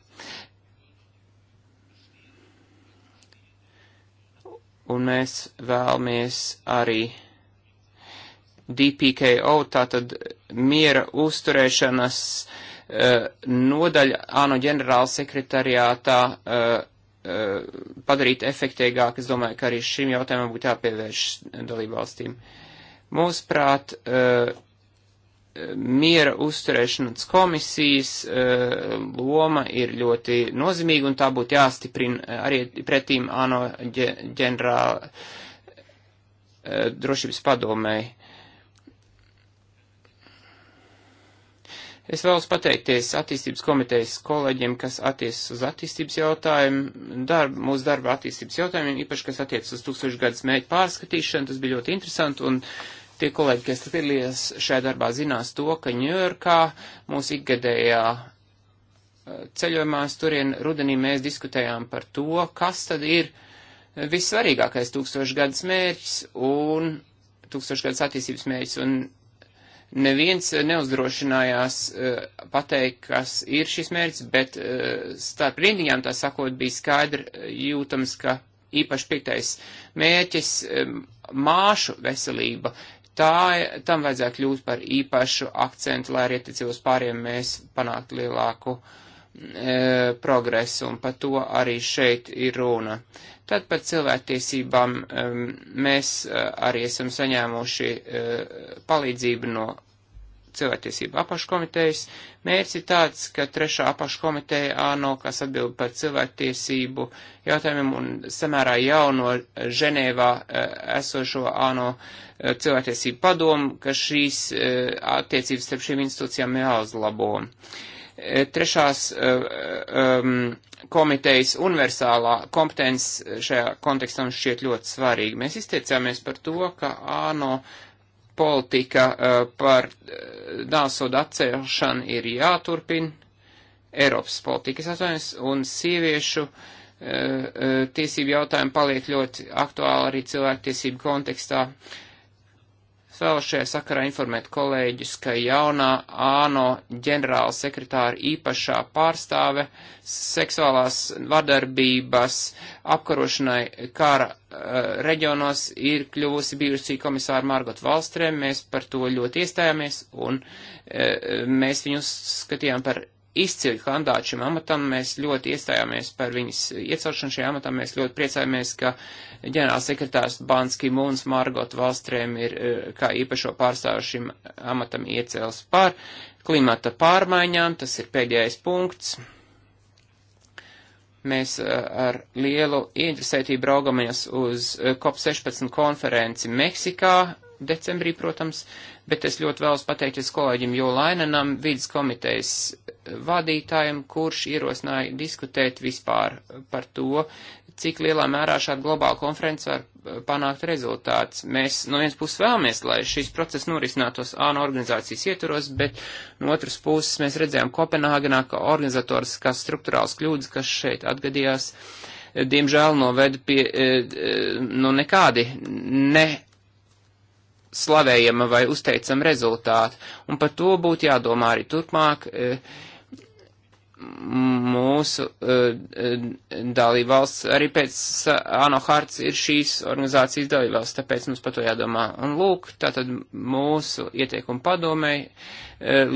un mēs vēlamies arī DPKO, tātad miera uzturēšanas uh, nodaļa ANO ģenerāla sekretariātā uh, uh, padarīt efektīgāk. Es domāju, ka arī šim jautājumam būtu jāpievērš dalībvalstīm. Mūsuprāt, uh, miera uzturēšanas komisijas eh, loma ir ļoti nozīmīga un tā būtu jāstiprina eh, arī pretīm ANO ģenerāla eh, drošības padomēji. Es vēlos pateikties attīstības komitejas kolēģiem, kas attiecas uz attīstības jautājumu, darb, mūsu darba attīstības jautājumiem, īpaši, kas attiecas uz tūkstošgadus mēģi pārskatīšanu, tas bija ļoti interesanti, un uh, Tie kolēģi, kas piedalījās šajā darbā, zinās to, ka Ņujorkā mūsu ikgadējā eh, ceļojumā turien rudenī mēs diskutējām par to, kas tad ir eh, vissvarīgākais tūkstošgadus mērķis un tūkstošgadus attīstības mērķis. Un neviens eh, neuzdrošinājās uh, pateikt, kas ir šis mērķis, bet uh, starp rindiņām tā sakot bija skaidri jūtams, ka īpaši piektais mērķis um, māšu veselība Tā, tam vajadzētu kļūt par īpašu akcentu, lai arī attiecībos pāriem mēs panāktu lielāku e, progresu, un par to arī šeit ir runa. Tad par cilvēktiesībām e, mēs e, arī esam saņēmuši e, palīdzību no cilvēktiesību apaškomitejas. Mērķis ir tāds, ka trešā apaškomiteja ANO, kas atbild par cilvēktiesību jautājumiem un samērā jauno Ženēvā eh, esošo ANO eh, cilvēktiesību padomu, ka šīs eh, attiecības starp šīm institūcijām jāuzlabo. Trešās um, komitejas universālā kompetence šajā kontekstā mums šķiet ļoti svarīga. Mēs izteicāmies par to, ka ANO uh, politika eh, par eh, nāsodu atcelšanu ir jāturpina, Eiropas politikas atvainojums, un sieviešu eh, tiesību jautājumi paliek ļoti aktuāli arī cilvēktiesību kontekstā. Uh, Vēl šajā sakarā informēt kolēģis, ka jaunā ANO ģenerāla sekretāra īpašā pārstāve seksuālās vardarbības apkarošanai kara uh, reģionos ir kļuvusi bijusi komisāra Margot Valstrēm. Mēs par to ļoti iestājāmies un uh, mēs viņus skatījām par izcili kandidāti šim amatam, mēs ļoti iestājāmies par viņas iecelšanu šajā amatā, mēs ļoti priecājamies, ka ģenerāls sekretārs Banski Mūns Margot Valstrēm ir eh, kā īpašo pārstāvu šim amatam iecels par klimata pārmaiņām, tas ir pēdējais punkts. Mēs eh, ar lielu interesētību raugamies uz eh, COP16 konferenci Meksikā, decembrī, protams, bet es ļoti vēlos pateikties kolēģim Jolainanam, vidas komitejas eh, vadītājam, kurš ierosināja diskutēt vispār eh, par to, cik lielā mērā šāda globāla konference var eh, panākt rezultāts. Mēs no vienas puses vēlamies, lai šis process norisinātos ANO organizācijas ietvaros, bet no otras puses mēs redzējām Kopenhāgenā, ka organizatoriskās struktūrāls kļūdas, kas šeit atgadījās, diemžēl noveda pie no nu, nekādi ne slavējama vai uzteicama rezultāta, un par to būtu jādomā arī turpmāk e, mūsu e, e, dalībvalsts, arī pēc ANO harts ir šīs organizācijas dalībvalsts, tāpēc mums par to jādomā. Un lūk, tātad mūsu ieteikumu padomēji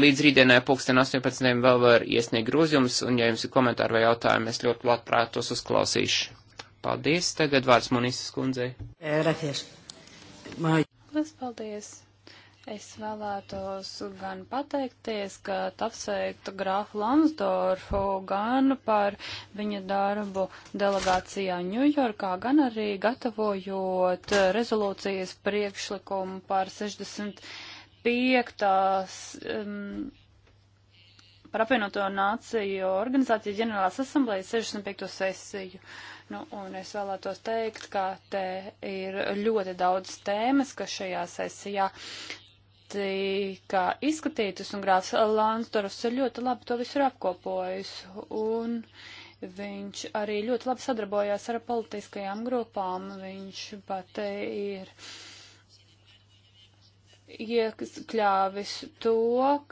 līdz rītdienai pulksten 18. vēl var iesniegt grozījumus, un ja jums ir komentāri vai jautājumi, es ļoti labprāt tos uzklausīšu. Paldies, tagad vārds Munīsas kundzei. Eh, gracias. Liels paldies! Es vēlētos gan pateikties, ka apsveiktu grāfu Lansdorfu gan par viņa darbu delegācijā Ņujorkā, gan arī gatavojot rezolūcijas priekšlikumu par 65. Um, par apvienoto nāciju organizāciju ģenerālās asamblējas 65. sesiju. Uh, Nu, un es vēlētos teikt, ka te ir ļoti daudz tēmas, kas šajā sesijā tika izskatītas, un grāfs Lansdorfs ir ļoti labi to visur apkopojis. Un viņš arī ļoti labi sadarbojās ar politiskajām grupām. Viņš pat ir iekļāvis to,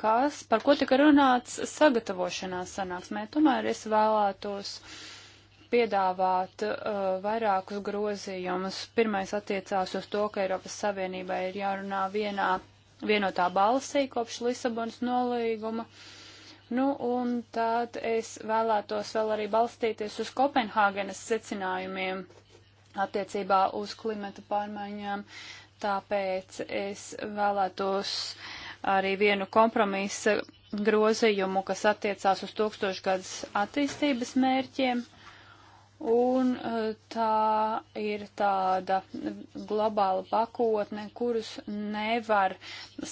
kas, par ko tika runāts sagatavošanās sanāksmē. Tomēr es vēlētos. Uh, piedāvāt uh, vairākus grozījumus. Pirmais attiecās uz to, ka Eiropas Savienībai ir jārunā vienā, vienotā balsī kopš Lisabonas nolīguma. Nu, un tad es vēlētos vēl arī balstīties uz Kopenhāgenes secinājumiem attiecībā uz klimata pārmaiņām. Tāpēc es vēlētos arī vienu kompromisa grozījumu, kas attiecās uz tūkstošgadus attīstības mērķiem. Uh, Un eh, tā ir tāda globāla pakotne, kurus nevar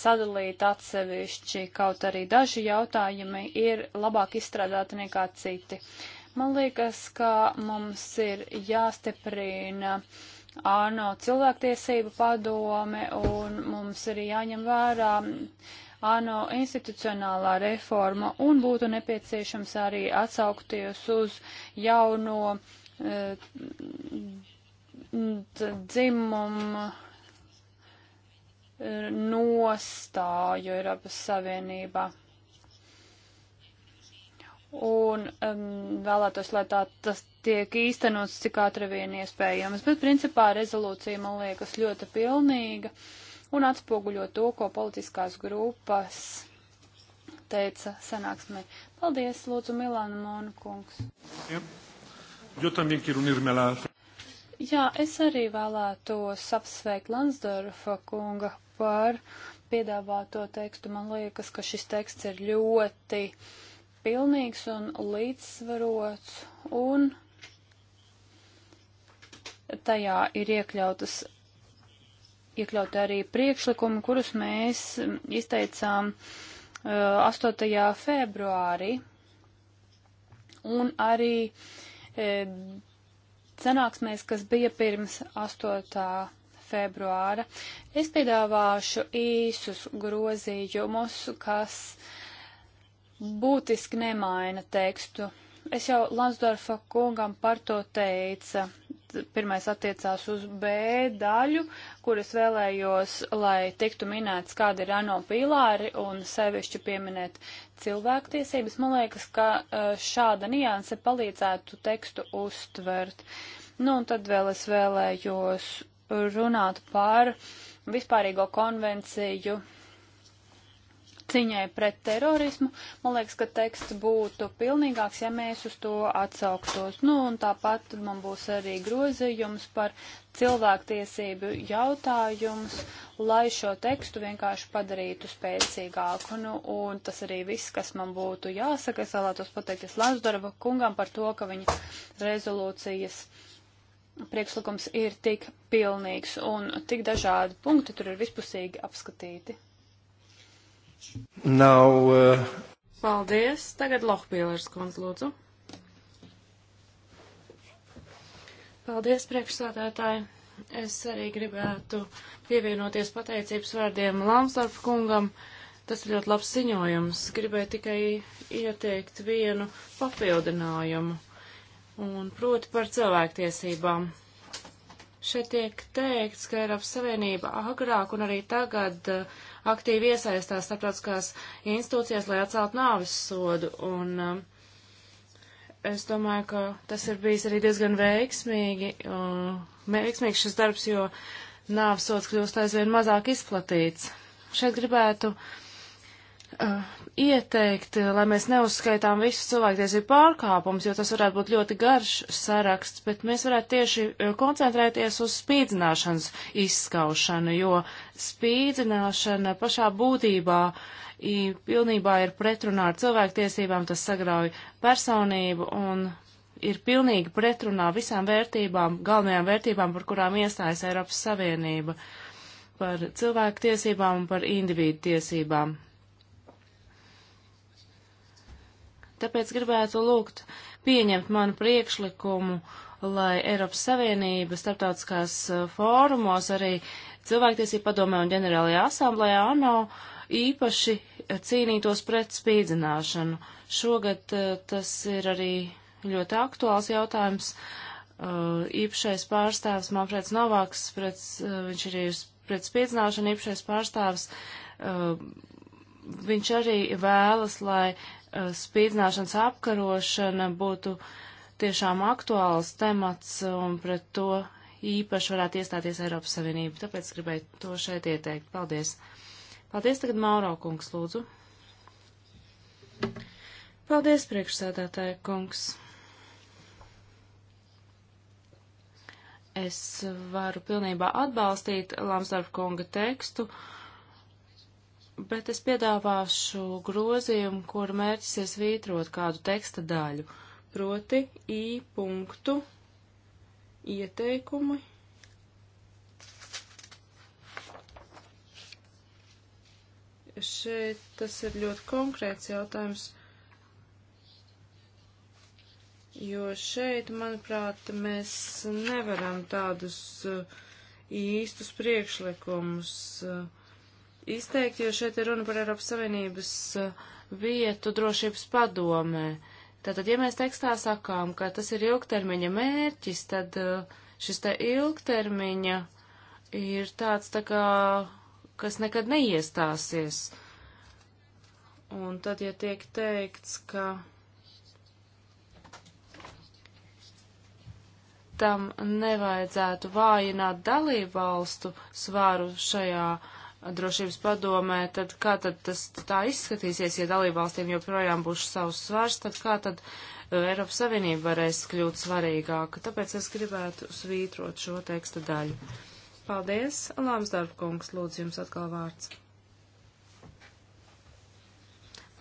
sadalīt atsevišķi, kaut arī daži jautājumi ir labāk izstrādāti nekā citi. Man liekas, ka mums ir jāstiprina ANO cilvēktiesību padome un mums ir jāņem vērā ANO institucionālā reforma un būtu nepieciešams arī atsaukties uz jauno dzimumu e, nostāju Eiropas Savienībā. Un um, vēlētos, lai tā tas tiek īstenots cik ātri vien iespējams, bet principā rezolūcija man liekas ļoti pilnīga un atspoguļo to, ko politiskās grupas teica sanāksmē. Paldies, lūdzu, Milāna Monkungs. Yep. Yo también quiero unirme a la. Jā, es arī vēlētos apsveikt Lansdorfa kunga par piedāvāto tekstu. Man liekas, ka šis teksts ir ļoti pilnīgs un līdzsvarots, un tajā ir iekļautas, iekļauti arī priekšlikumi, kurus mēs izteicām uh, eh, 8. februārī, un arī uh, sanāksmēs, e, kas bija pirms 8. februāra. Es piedāvāšu īsus grozījumus, kas būtiski nemaina tekstu. Es jau Lansdorfa kungam par to teica pirmais attiecās uz B daļu, kuras vēlējos, lai tiktu minēts, kāda ir ANO pīlāri un sevišķi pieminēt cilvēktiesības. Man liekas, ka šāda nianse palīdzētu tekstu uztvert. Nu, un tad vēl es vēlējos runāt par vispārīgo konvenciju ciņai pret terorismu. Man liekas, ka teksts būtu pilnīgāks, ja mēs uz to atsauktos. Nu, un tāpat man būs arī grozījums par cilvēktiesību jautājums, lai šo tekstu vienkārši padarītu spēcīgāku. Nu, un tas arī viss, kas man būtu jāsaka. Es vēlētos pateikties Lansdarba kungam par to, ka viņa rezolūcijas priekšlikums ir tik pilnīgs un tik dažādi punkti tur ir vispusīgi apskatīti. Nav. Uh... Paldies. Tagad Lohpīlers kundz lūdzu. Paldies, priekšsādātāji. Es arī gribētu pievienoties pateicības vārdiem Lamsdorf kungam. Tas ir ļoti labs ziņojums. Gribēju tikai ieteikt vienu papildinājumu, un proti par cilvēktiesībām. Šeit tiek teikts, ka Eiropas Savienība agrāk un arī tagad uh, aktīvi iesaistās starptautiskās institūcijās, lai atceltu nāvis sodu. Un, um, es domāju, ka tas ir bijis arī diezgan veiksmīgi, um, veiksmīgs šis darbs, jo nāvis sods kļūst aizvien mazāk izplatīts. Šeit gribētu uh, uh, ieteikt, eh, lai mēs neuzskaitām visus cilvēktiesību pārkāpumus, jo tas varētu būt ļoti garš saraksts, bet mēs varētu tieši eh, koncentrēties uz spīdzināšanas izskaušanu, jo spīdzināšana pašā būtībā i, pilnībā ir pretrunā ar cilvēktiesībām, tas sagrauj personību un ir pilnīgi pretrunā visām vērtībām, galvenajām vērtībām, par kurām iestājas Eiropas Savienība par cilvēku tiesībām un par individu tiesībām. Tāpēc gribētu lūgt pieņemt manu priekšlikumu, lai Eiropas Savienība starptautiskās eh, fórumos arī cilvēktiesību padomē un ģenerālajā asamblējā ANO īpaši cīnītos pret spīdzināšanu. Šogad eh, tas ir arī ļoti aktuāls jautājums. Eh, īpašais pārstāvs Manfreds Novāks, pret, viņš ir pret spīdzināšanu īpašais pārstāvs, viņš arī vēlas, lai Eh, spīdzināšanas apkarošana būtu tiešām aktuāls temats eh, un pret to īpaši varētu iestāties Eiropas Savienība. Tāpēc gribēju to šeit ieteikt. Paldies. Paldies tagad Mauro kungs, lūdzu. Paldies, priekšsēdētāja kungs. Es varu pilnībā atbalstīt Lamsdorf kunga tekstu bet es piedāvāšu grozījumu, kur mērķis ir svītrot kādu teksta daļu, proti i punktu ieteikumi. Šeit tas ir ļoti konkrēts jautājums, jo šeit, manuprāt, mēs nevaram tādus uh, īstus priekšlikumus uh, izteikti, jo šeit ir runa par Eiropas Savienības eh, vietu drošības padomē. Tātad, ja mēs tekstā sakām, ka tas ir ilgtermiņa mērķis, tad eh, šis te ilgtermiņa ir tāds tā kā, kas nekad neiestāsies. Un tad, ja tiek teikts, ka tam nevajadzētu vājināt dalību valstu svāru šajā uh, drošības padomē, tad kā tad tas tā izskatīsies, ja dalībvalstīm joprojām būs savs svars, tad kā tad uh, Eiropas Savienība varēs kļūt svarīgāka. Tāpēc es gribētu svītrot šo teksta daļu. Paldies, Lāmsdārba kungs, lūdzu jums atkal vārds.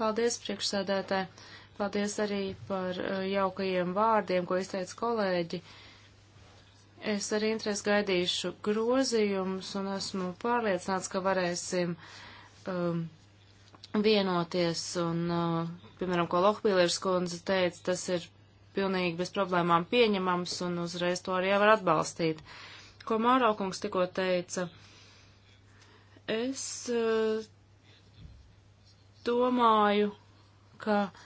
Paldies, priekšsēdētāji. Paldies arī par uh, jaukajiem vārdiem, ko izteica kolēģi. Uh, Es ar interesi gaidīšu grozījumus un esmu pārliecināts, ka varēsim um, vienoties un, uh, piemēram, ko Lohpīlers kundze teica, tas ir pilnīgi bez problēmām pieņemams un uzreiz to arī var atbalstīt. Ko Māraukungs tikko teica, es uh, domāju, ka. Uh,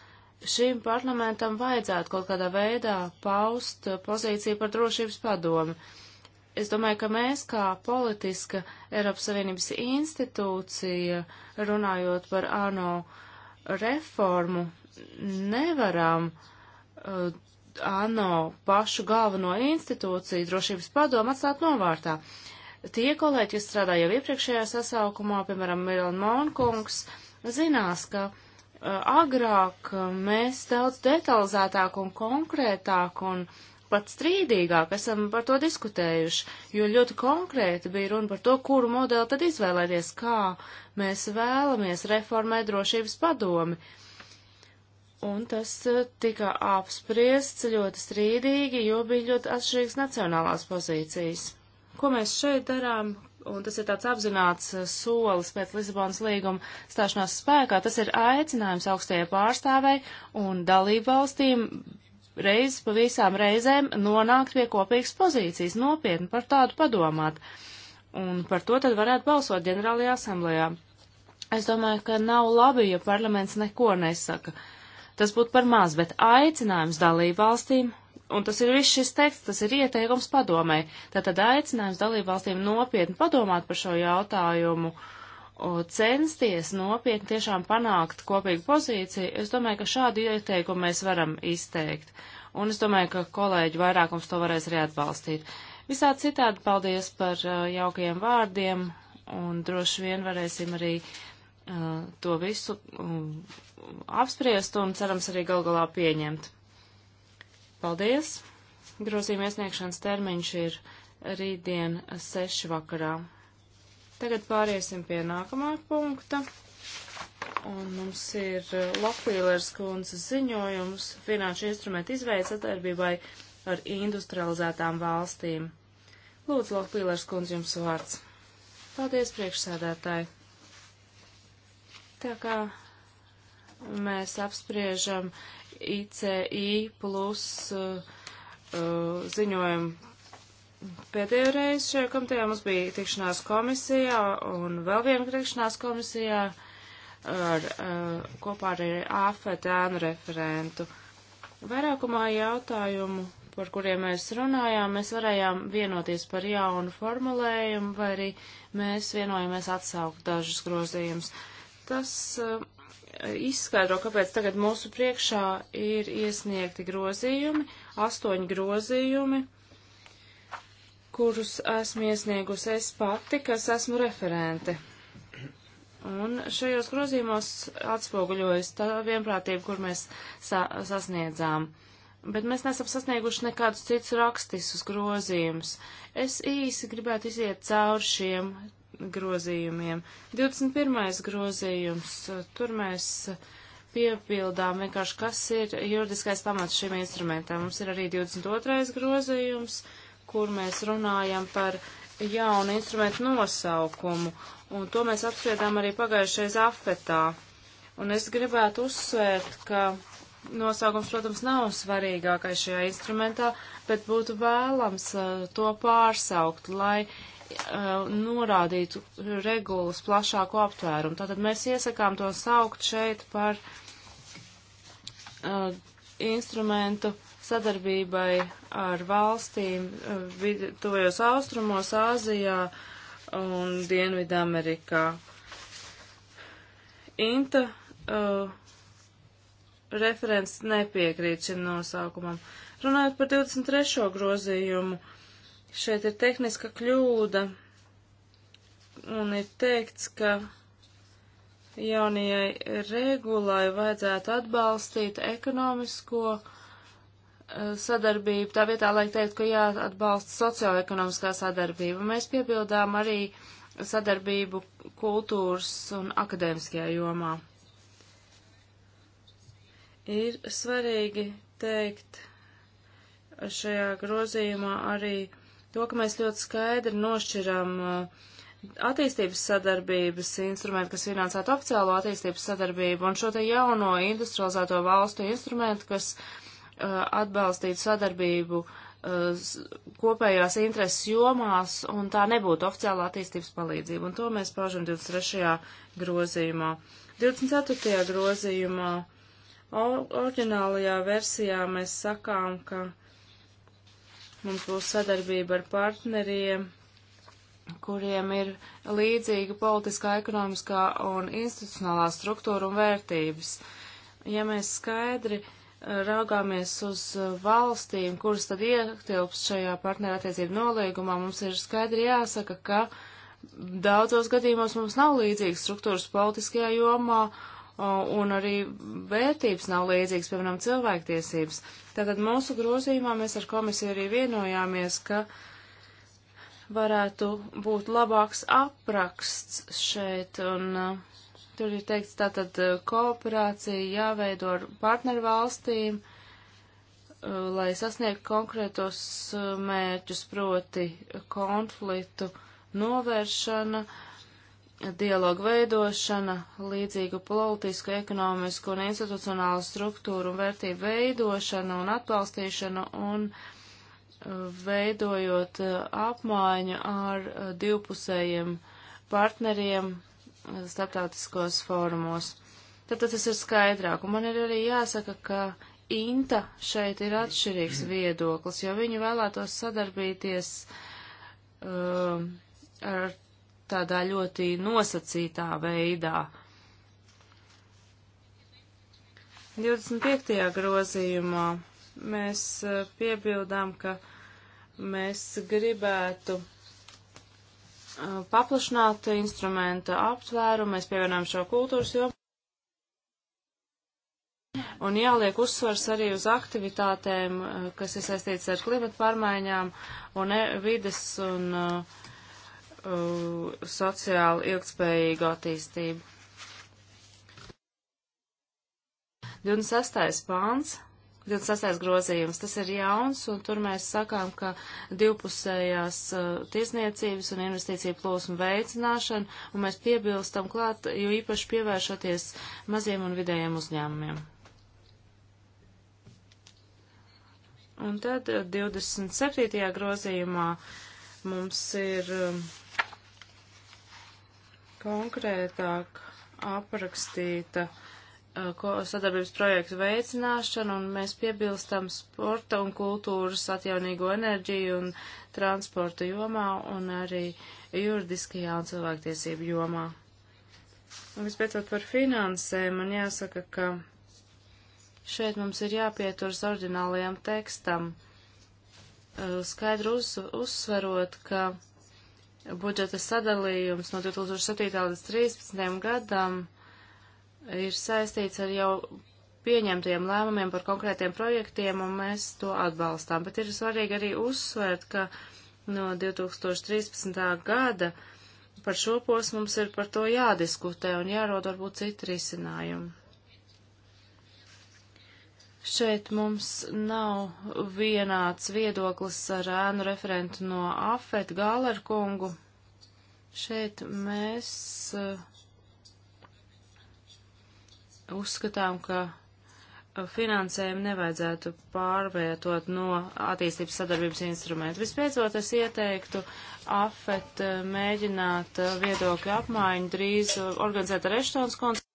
šim parlamentam vajadzētu kaut kādā veidā paust pozīciju par drošības padomu. Es domāju, ka mēs kā politiska Eiropas Savienības institūcija, runājot par ANO reformu, nevaram uh, ANO pašu galveno institūciju drošības padomu atstāt novārtā. Tie kolēģi, kas strādāja jau iepriekšējā sasaukumā, piemēram, Milan Monkungs, zinās, ka uh, Eh, agrāk eh, mēs daudz detalizētāk un konkrētāk un pat strīdīgāk esam par to diskutējuši, jo ļoti konkrēti bija runa par to, kuru modeli tad izvēlēties, kā mēs vēlamies reformēt drošības padomi. Un tas eh, tika apspriests ļoti strīdīgi, jo bija ļoti atšķirīgs nacionālās pozīcijas. Ko mēs šeit darām? Un tas ir tāds apzināts eh, solis pēc Lisabonas līguma stāšanās spēkā. Tas ir aicinājums augstajai pārstāvei un dalību valstīm reiz pa visām reizēm nonākt pie kopīgas pozīcijas, nopietni par tādu padomāt. Un par to tad varētu balsot ģenerālajā asamblējā. Es domāju, ka nav labi, ja parlaments neko nesaka. Tas būtu par maz, bet aicinājums dalību valstīm un tas ir viss šis teksts, tas ir ieteikums padomē. Tātad aicinājums dalībvalstīm nopietni padomāt par šo jautājumu, censties nopietni tiešām panākt kopīgu pozīciju. Es domāju, ka šādu ieteikumu mēs varam izteikt. Un es domāju, ka kolēģi vairākums to varēs arī atbalstīt. Visā citādi paldies par jaukajiem vārdiem, un droši vien varēsim arī uh, to visu uh, apspriest un cerams arī gal galā pieņemt. Paldies! Grozījuma iesniegšanas termiņš ir rītdien 6 vakarā. Tagad pāriesim pie nākamā punkta. Un mums ir eh, Lapīlers kundzes ziņojums finanšu instrumentu izveids atdarbībai ar industrializētām valstīm. Lūdzu, Lapīlers kundze, jums vārds. Paldies, priekšsēdētāji. Tā kā mēs apspriežam ICI plus uh, uh, ziņojumu. Pēdējo reizi šajā komitejā mums bija tikšanās komisijā un vēl viena tikšanās komisijā ar, uh, kopā ar AFETēnu referentu. Vairākumā jautājumu, par kuriem mēs runājām, mēs varējām vienoties par jaunu formulējumu vai arī mēs vienojamies atsaukt dažus grozījumus. Tas uh, izskaidro, kāpēc tagad mūsu priekšā ir iesniegti grozījumi, astoņi grozījumi, kurus esmu iesniegusi es pati, kas esmu referente. Un šajos grozījumos atspoguļojas tā vienprātība, kur mēs sa sasniedzām. Bet mēs nesam sasnieguši nekādus citus rakstiskus grozījumus. Es īsi gribētu iziet cauri šiem grozījumiem. 21. grozījums, tur mēs piepildām vienkārši, kas ir juridiskais pamats šim instrumentam. Mums ir arī 22. grozījums, kur mēs runājam par jaunu instrumentu nosaukumu, un to mēs apspriedām arī pagājušais afetā. Un es gribētu uzsvērt, ka nosaukums, protams, nav svarīgākais šajā instrumentā, bet būtu vēlams uh, to pārsaukt, lai uh, norādītu regulas plašāku aptvērumu. Tātad mēs iesakām to saukt šeit par uh, instrumentu sadarbībai ar valstīm uh, tuvajos austrumos, Āzijā un Dienvidamerikā. Inta uh, referents nepiekrīt šim nosaukumam. Runājot par 23. grozījumu, uh, Šeit ir tehniska kļūda un ir teikts, ka jaunajai regulai vajadzētu atbalstīt ekonomisko eh, sadarbību, tā vietā, lai teikt, ka jāatbalsta socioekonomiskā sadarbība. Mēs piebildām arī sadarbību kultūras un akadēmiskajā jomā. Ir svarīgi teikt šajā grozījumā arī to, ka mēs ļoti skaidri nošķiram uh, attīstības sadarbības instrumentu, kas finansētu oficiālo attīstības sadarbību, un šo te jauno industrializēto valstu instrumentu, kas uh, atbalstītu sadarbību uh, kopējās intereses jomās, un tā nebūtu oficiāla attīstības palīdzība. Un to mēs paužam 23. grozījumā. 24. grozījumā, oriģinālajā versijā mēs sakām, ka Mums būs sadarbība ar partneriem, kuriem ir līdzīga politiskā, ekonomiskā un institucionālā struktūra un vērtības. Ja mēs skaidri eh, raugāmies uz eh, valstīm, kuras tad ietilps šajā partnerattiecību nolīgumā, mums ir skaidri jāsaka, ka daudzos gadījumos mums nav līdzīgas struktūras politiskajā jomā un arī vērtības nav līdzīgas, piemēram, cilvēktiesības. Tātad mūsu grozījumā mēs ar komisiju arī vienojāmies, ka varētu būt labāks apraksts šeit, un tur ir teikts tātad kooperācija jāveido ar partnervalstīm, lai sasniegtu konkrētos mērķus, proti konfliktu novēršana, uh, dialogu veidošana, līdzīgu politisku, ekonomisku un institucionālu struktūru un vērtību veidošana un atbalstīšana un uh, veidojot uh, apmaiņu ar uh, divpusējiem partneriem starptautiskos fórumos. Tātad tas ir skaidrāk, un man ir arī jāsaka, ka Inta šeit ir atšķirīgs viedoklis, jo viņi vēlētos sadarbīties uh, ar tādā ļoti nosacītā veidā. 25. grozījumā mēs eh, piebildām, ka mēs gribētu eh, paplašināt instrumenta aptvērumu, mēs pievienojam šo kultūras jomu. Un jāliek uzsvars arī uz aktivitātēm, eh, kas ir saistītas ar klimatu pārmaiņām un e, vides un uh, uh, sociāli ilgspējīgu attīstību. 26. pāns, 26. grozījums, tas ir jauns, un tur mēs sakām, ka divpusējās uh, tirzniecības un investīcija plūsmu veicināšana, un mēs piebilstam klāt, jo īpaši pievēršoties maziem un vidējiem uzņēmumiem. Un tad 27. Uh, grozījumā mums ir. Uh, konkrētāk aprakstīta uh, sadarbības projektu veicināšanu, un mēs piebilstam sporta un kultūras atjaunīgo enerģiju un transporta jomā, un arī juridiskajā un cilvēktiesību jomā. Un vispēcot par finansēm, man jāsaka, ka šeit mums ir jāpieturas ordinālajam tekstam, uh, skaidri uz, uzsverot, ka budžeta sadalījums no 2007. līdz 2013. gadam ir saistīts ar jau pieņemtajiem lēmumiem par konkrētiem projektiem, un mēs to atbalstām. Bet ir svarīgi arī uzsvērt, ka no 2013. gada par šo posmu mums ir par to jādiskutē un jārod varbūt citi risinājumi. Šeit mums nav vienāds viedoklis ar ēnu referentu no Afet Galerkungu. Šeit mēs eh, uzskatām, ka finansējumu nevajadzētu pārvietot no attīstības sadarbības instrumentu. Vispēcot, es ieteiktu Afet eh, mēģināt eh, viedokļu apmaiņu drīz organizēt ar Eštons koncertu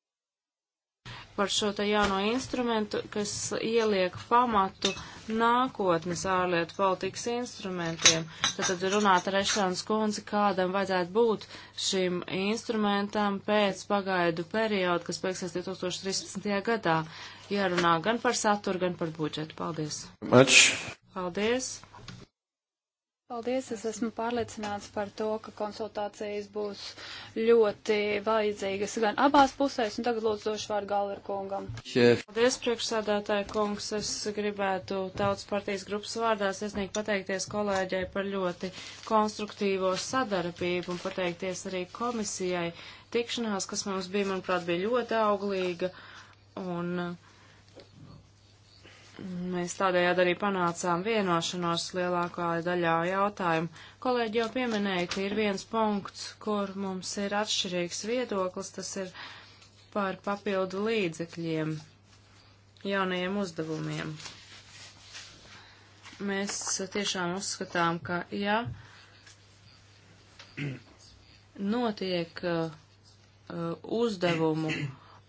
par šo te jauno instrumentu, kas ieliek pamatu nākotnes ārlietu politikas instrumentiem. Tad, tad runāt ar Ešāns kundzi, kādam vajadzētu būt šim instrumentam pēc pagaidu periodu, kas beigsies 2013. gadā. Jārunā gan par saturu, gan par budžetu. Paldies! Much. Paldies! Paldies, es esmu pārliecināts par to, ka konsultācijas būs ļoti vajadzīgas gan abās pusēs, un tagad lūdzu došu vārdu Galver kungam. Šef. Paldies, priekšsādātāja kungs, es gribētu tautas partijas grupas vārdā sesnīgi pateikties kolēģai par ļoti konstruktīvo sadarbību un pateikties arī komisijai. Tikšanās, kas mums bija, manuprāt, bija ļoti auglīga, un uh, Mēs tādējādi arī panācām vienošanos lielākā daļā jautājumu. Kolēģi jau pieminēja, ka ir viens punkts, kur mums ir atšķirīgs viedoklis, tas ir par papildu līdzekļiem, jaunajiem uzdevumiem. Mēs tiešām uzskatām, ka ja notiek uh, uh uzdevumu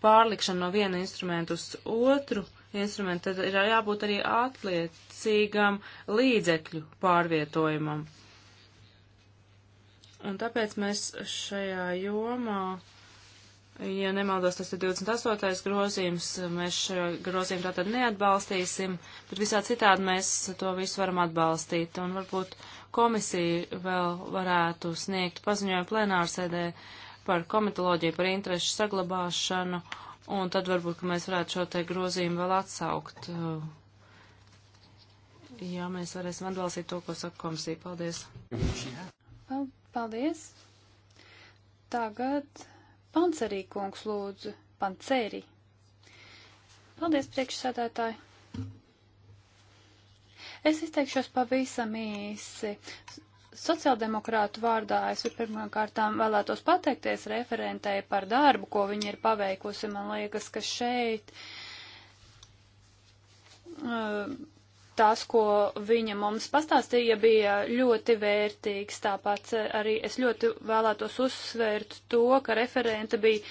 pārlikšana no viena instrumenta uz otru, uh, instrumenti, tad ir jābūt arī atliecīgam līdzekļu pārvietojumam. Un tāpēc mēs šajā jomā, ja nemaldos, tas ir 28. grozījums, mēs šo grozījumu tātad neatbalstīsim, bet visā citādi mēs to visu varam atbalstīt. Un varbūt komisija vēl varētu sniegt paziņojumu plenārsēdē par komitoloģiju, par interešu saglabāšanu un tad varbūt, ka mēs varētu šo te grozījumu vēl atsaukt. Uh, Jā, mēs varēsim atbalstīt to, ko saka komisija. Paldies. Paldies. Tagad pancerī kungs lūdzu. Pancerī. Paldies, priekšsēdētāji. Es izteikšos pavisam īsi. Sociāldemokrātu vārdā es pirmām kārtām vēlētos pateikties referentei par darbu, ko viņa ir paveikusi. Man liekas, ka šeit uh, tas, ko viņa mums pastāstīja, bija ļoti vērtīgs. Tāpat arī es ļoti vēlētos uzsvērt to, ka referente bija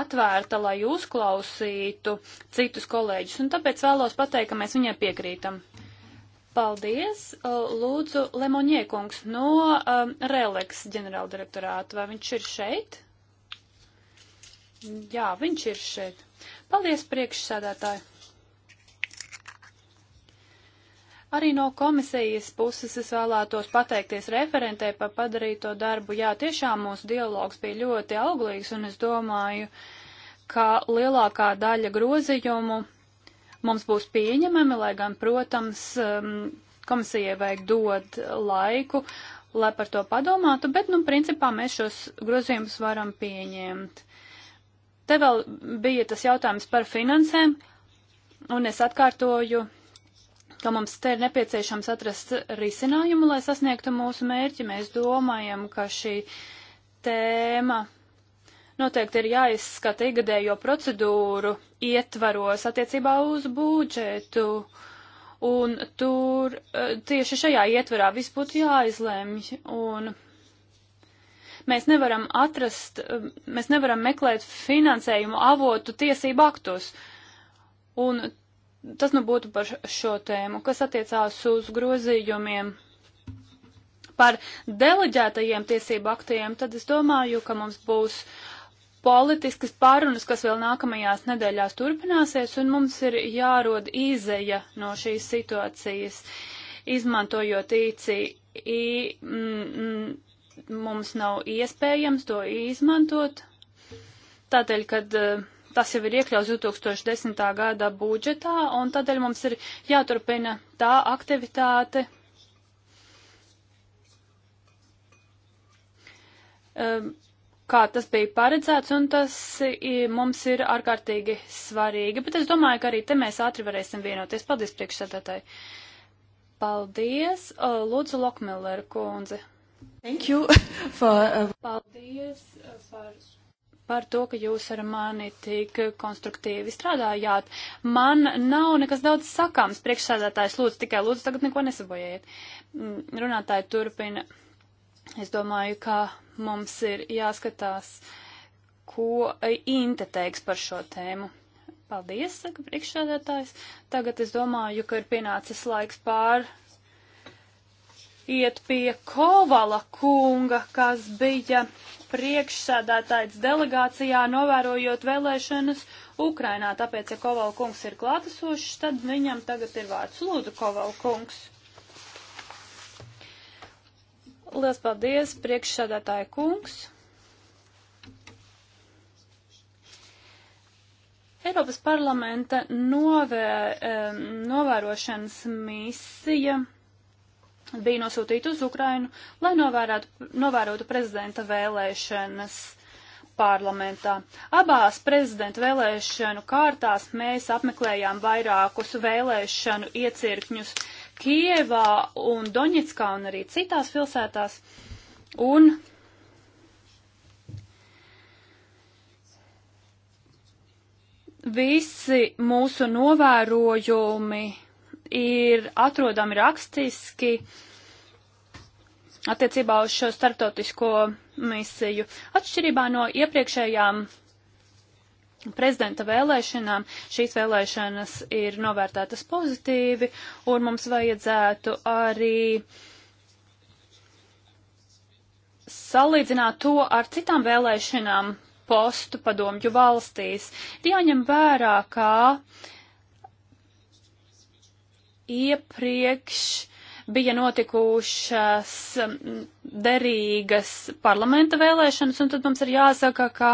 atvērta, lai uzklausītu citus kolēģus. Un tāpēc vēlos pateikt, ka mēs viņai piekrītam. Paldies! Lūdzu, Lemoņiekungs no um, Releks ģenerāldirektorāta. Vai viņš ir šeit? Jā, viņš ir šeit. Paldies, priekšsēdētāji! Arī no komisijas puses es vēlētos pateikties referentē par padarīto darbu. Jā, tiešām mūsu dialogs bija ļoti auglīgs, un es domāju, ka lielākā daļa grozījumu mums būs pieņemami, lai gan, protams, um, komisijai vajag dot laiku, lai par to padomātu, bet, nu, principā mēs šos grozījumus varam pieņemt. Te vēl bija tas jautājums par finansēm, un es atkārtoju, ka mums te ir nepieciešams atrast risinājumu, lai sasniegtu mūsu mērķi. Mēs domājam, ka šī tēma noteikti ir jāizskata igadējo procedūru ietvaros attiecībā uz budžetu. Un tur eh, tieši šajā ietvarā viss būtu jāizlemj. Un mēs nevaram atrast, eh, mēs nevaram meklēt finansējumu avotu tiesību aktos. Un tas nu būtu par šo tēmu, kas attiecās uz grozījumiem. Par deleģētajiem tiesību aktiem, tad es domāju, ka mums būs uh, politiskas pārunas, kas vēl nākamajās nedēļās turpināsies, un mums ir jārod izeja no šīs situācijas, izmantojot īci. I, mm, mums nav iespējams to izmantot, tādēļ, kad uh, tas jau ir iekļauts 2010. gada budžetā, un tādēļ mums ir jāturpina tā aktivitāte. Um, kā tas bija paredzēts, un tas mums ir ārkārtīgi svarīgi. Bet es domāju, ka arī te mēs ātri varēsim vienoties. Paldies priekšsēdētāji. Paldies, uh, Lūdzu Lokmiller kundze. Thank you for... Uh, Paldies uh, par, par to, ka jūs ar mani tik konstruktīvi strādājāt. Man nav nekas daudz sakāms. Priekšsēdētājs lūdzu tikai lūdzu tagad neko nesabojiet. Mm, runātāji turpina. Es domāju, ka mums ir jāskatās, ko Inte teiks par šo tēmu. Paldies, saka priekšsēdētājs. Tagad es domāju, ka ir pienācis laiks pār iet pie Kovala kunga, kas bija priekšsēdētājs delegācijā, novērojot vēlēšanas Ukrainā. Tāpēc, ja Kovala kungs ir klātesošs, tad viņam tagad ir vārds. Lūdzu, Kovala kungs. Lielas paldies, priekšsādātāja kungs. Eiropas parlamenta novē, novērošanas misija bija nosūtīta uz Ukrainu, lai novērētu, novērotu prezidenta vēlēšanas parlamentā. Abās prezidenta vēlēšanu kārtās mēs apmeklējām vairākus vēlēšanu iecirkņus Kievā un Doņetskā un arī citās pilsētās. Un visi mūsu novērojumi ir atrodami rakstiski attiecībā uz šo startautisko misiju. Atšķirībā no iepriekšējām prezidenta vēlēšanām. Šīs vēlēšanas ir novērtētas pozitīvi, un mums vajadzētu arī salīdzināt to ar citām vēlēšanām postu padomju valstīs. Ir jāņem vērā, kā iepriekš bija notikušas derīgas parlamenta vēlēšanas, un tad mums ir jāsaka, ka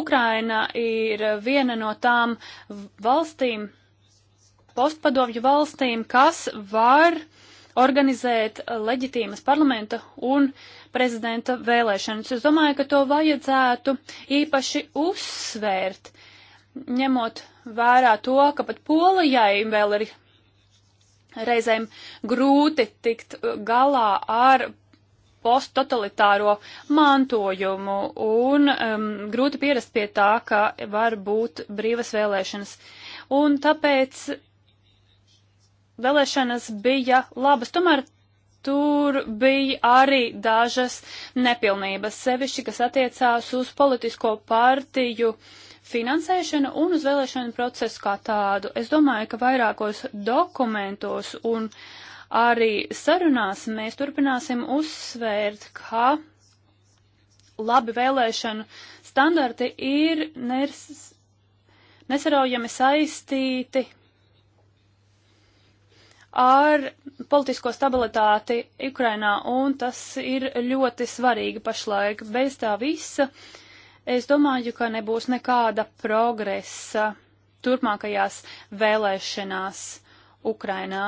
Ukraina ir viena no tām valstīm, postpadomju valstīm, kas var organizēt leģitīmas parlamenta un prezidenta vēlēšanas. Es domāju, ka to vajadzētu īpaši uzsvērt, ņemot vērā to, ka pat Polijai vēl ir reizēm grūti tikt galā ar posttotalitāro mantojumu un um, grūti pierast pie tā, ka var būt brīvas vēlēšanas. Un tāpēc vēlēšanas bija labas. Tomēr tur bija arī dažas nepilnības, sevišķi, kas attiecās uz politisko partiju uh, finansēšana un uz vēlēšanu procesu kā tādu. Es domāju, ka vairākos dokumentos un arī sarunās mēs turpināsim uzsvērt, ka labi vēlēšanu standarti ir nes nesaraujami saistīti ar politisko stabilitāti Ukrainā, un tas ir ļoti svarīgi pašlaik. Bez tā visa uh, Es domāju, ka nebūs nekāda progresa turpmākajās vēlēšanās Ukrainā.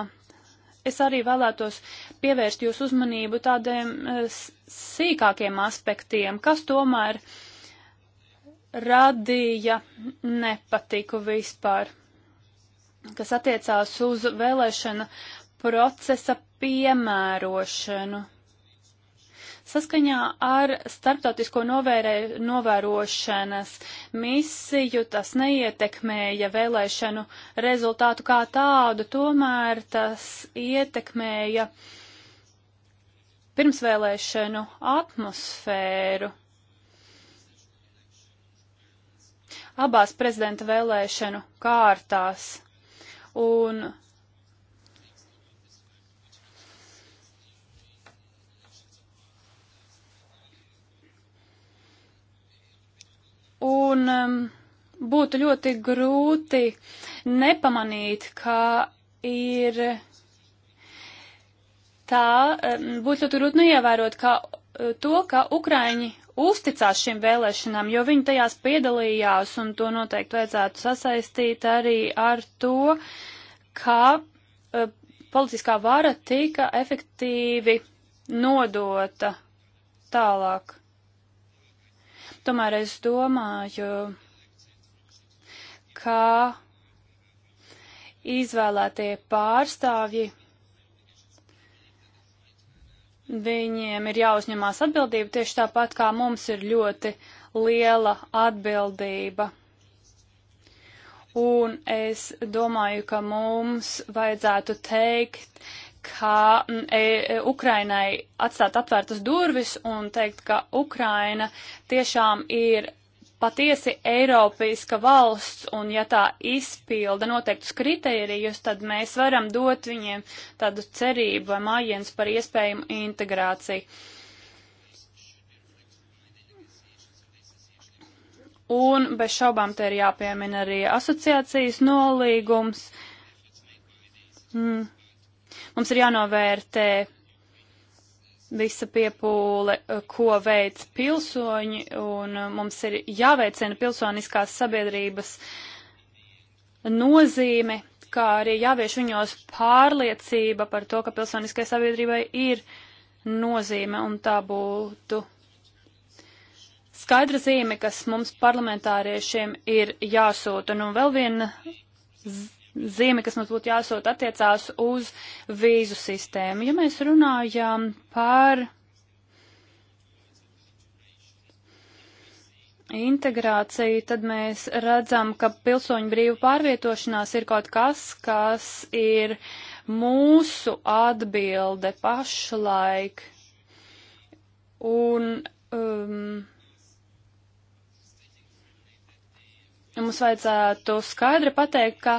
Es arī vēlētos pievērst jūsu uzmanību tādiem eh, sīkākiem aspektiem, kas tomēr radīja nepatiku vispār, kas attiecās uz vēlēšana procesa piemērošanu. Saskaņā ar starptautisko novērē, novērošanas misiju tas neietekmēja vēlēšanu rezultātu kā tādu, tomēr tas ietekmēja pirmsvēlēšanu atmosfēru. Abās prezidenta vēlēšanu kārtās. Un Un um, būtu ļoti grūti nepamanīt, ka ir tā, um, būtu ļoti grūti neievērot, ka uh, to, ka Ukraiņi uzticās šīm vēlēšanām, jo viņi tajās piedalījās, un to noteikti vajadzētu sasaistīt arī ar to, ka uh, politiskā vara tika efektīvi nodota tālāk. Tomēr es domāju, kā izvēlētie pārstāvji, viņiem ir jāuzņemās atbildība tieši tāpat, kā mums ir ļoti liela atbildība. Un es domāju, ka mums vajadzētu teikt, uh, kā mm, e, e, Ukrainai atstāt atvērtas durvis un teikt, ka Ukraina tiešām ir patiesi Eiropijska valsts, un ja tā izpilda noteiktus kriterijus, tad mēs varam dot viņiem tādu cerību vai mājiens par iespējumu integrāciju. Un bez šaubām te ir jāpiemina arī asociācijas nolīgums. Mm. Mums ir jānovērtē visa piepūle, ko veic pilsoņi, un uh, mums ir jāveicina pilsoniskās sabiedrības nozīme, kā arī jāvieš viņos pārliecība par to, ka pilsoniskai sabiedrībai ir nozīme, un tā būtu skaidra zīme, kas mums parlamentāriešiem ir jāsūta. Un, nu, un vēl viena zīme, kas mums būtu jāsūt attiecās uz vīzu sistēmu. Ja mēs runājam par integrāciju, tad mēs redzam, ka pilsoņu brīvu pārvietošanās ir kaut kas, kas ir mūsu atbilde pašlaik. Un um, mums vajadzētu skaidri pateikt, ka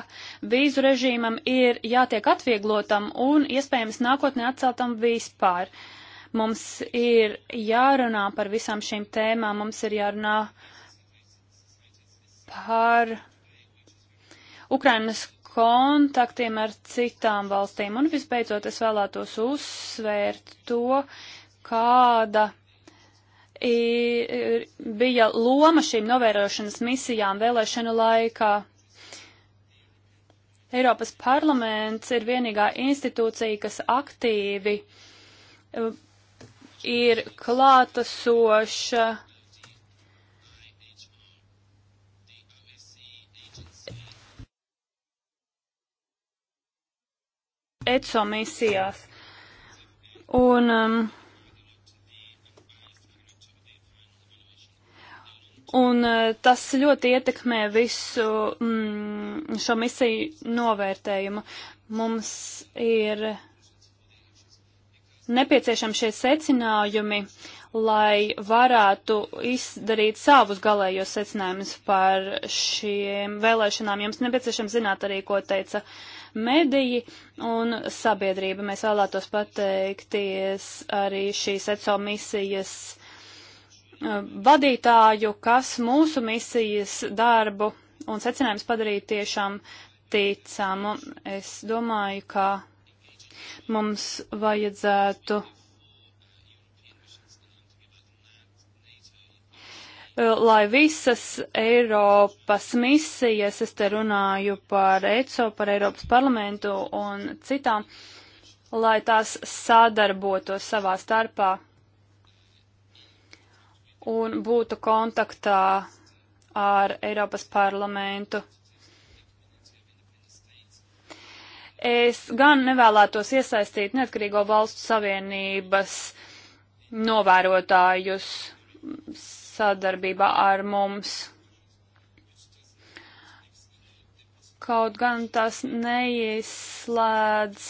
vīzu režīmam ir jātiek atvieglotam un iespējams nākotnē atceltam vispār. Mums ir jārunā par visām šīm tēmām, mums ir jārunā par Ukrainas kontaktiem ar citām valstīm. Un visbeidzot, es vēlētos uzsvērt to, kāda E, bija loma šīm novērošanas misijām vēlēšanu laikā. Eiropas parlaments ir vienīgā institūcija, kas aktīvi e, ir klātesoša ECO misijās. Un um, Un eh, tas ļoti ietekmē visu mm, šo misiju novērtējumu. Mums ir nepieciešami šie secinājumi, lai varētu izdarīt savus galējos secinājumus par šiem vēlēšanām. Jums nepieciešams zināt arī, ko teica mediji un sabiedrība. Mēs vēlētos pateikties arī šīs ECO misijas Uh, vadītāju, kas mūsu misijas darbu un secinājums padarīja tiešām ticamu. Es domāju, ka mums vajadzētu uh, lai visas Eiropas misijas, es te runāju par ECO, par Eiropas parlamentu un citām, lai tās sadarbotos savā starpā un būtu kontaktā ar Eiropas parlamentu. Es gan nevēlētos iesaistīt neatkarīgo valstu savienības novērotājus sadarbībā ar mums. Kaut gan tas neizslēdz,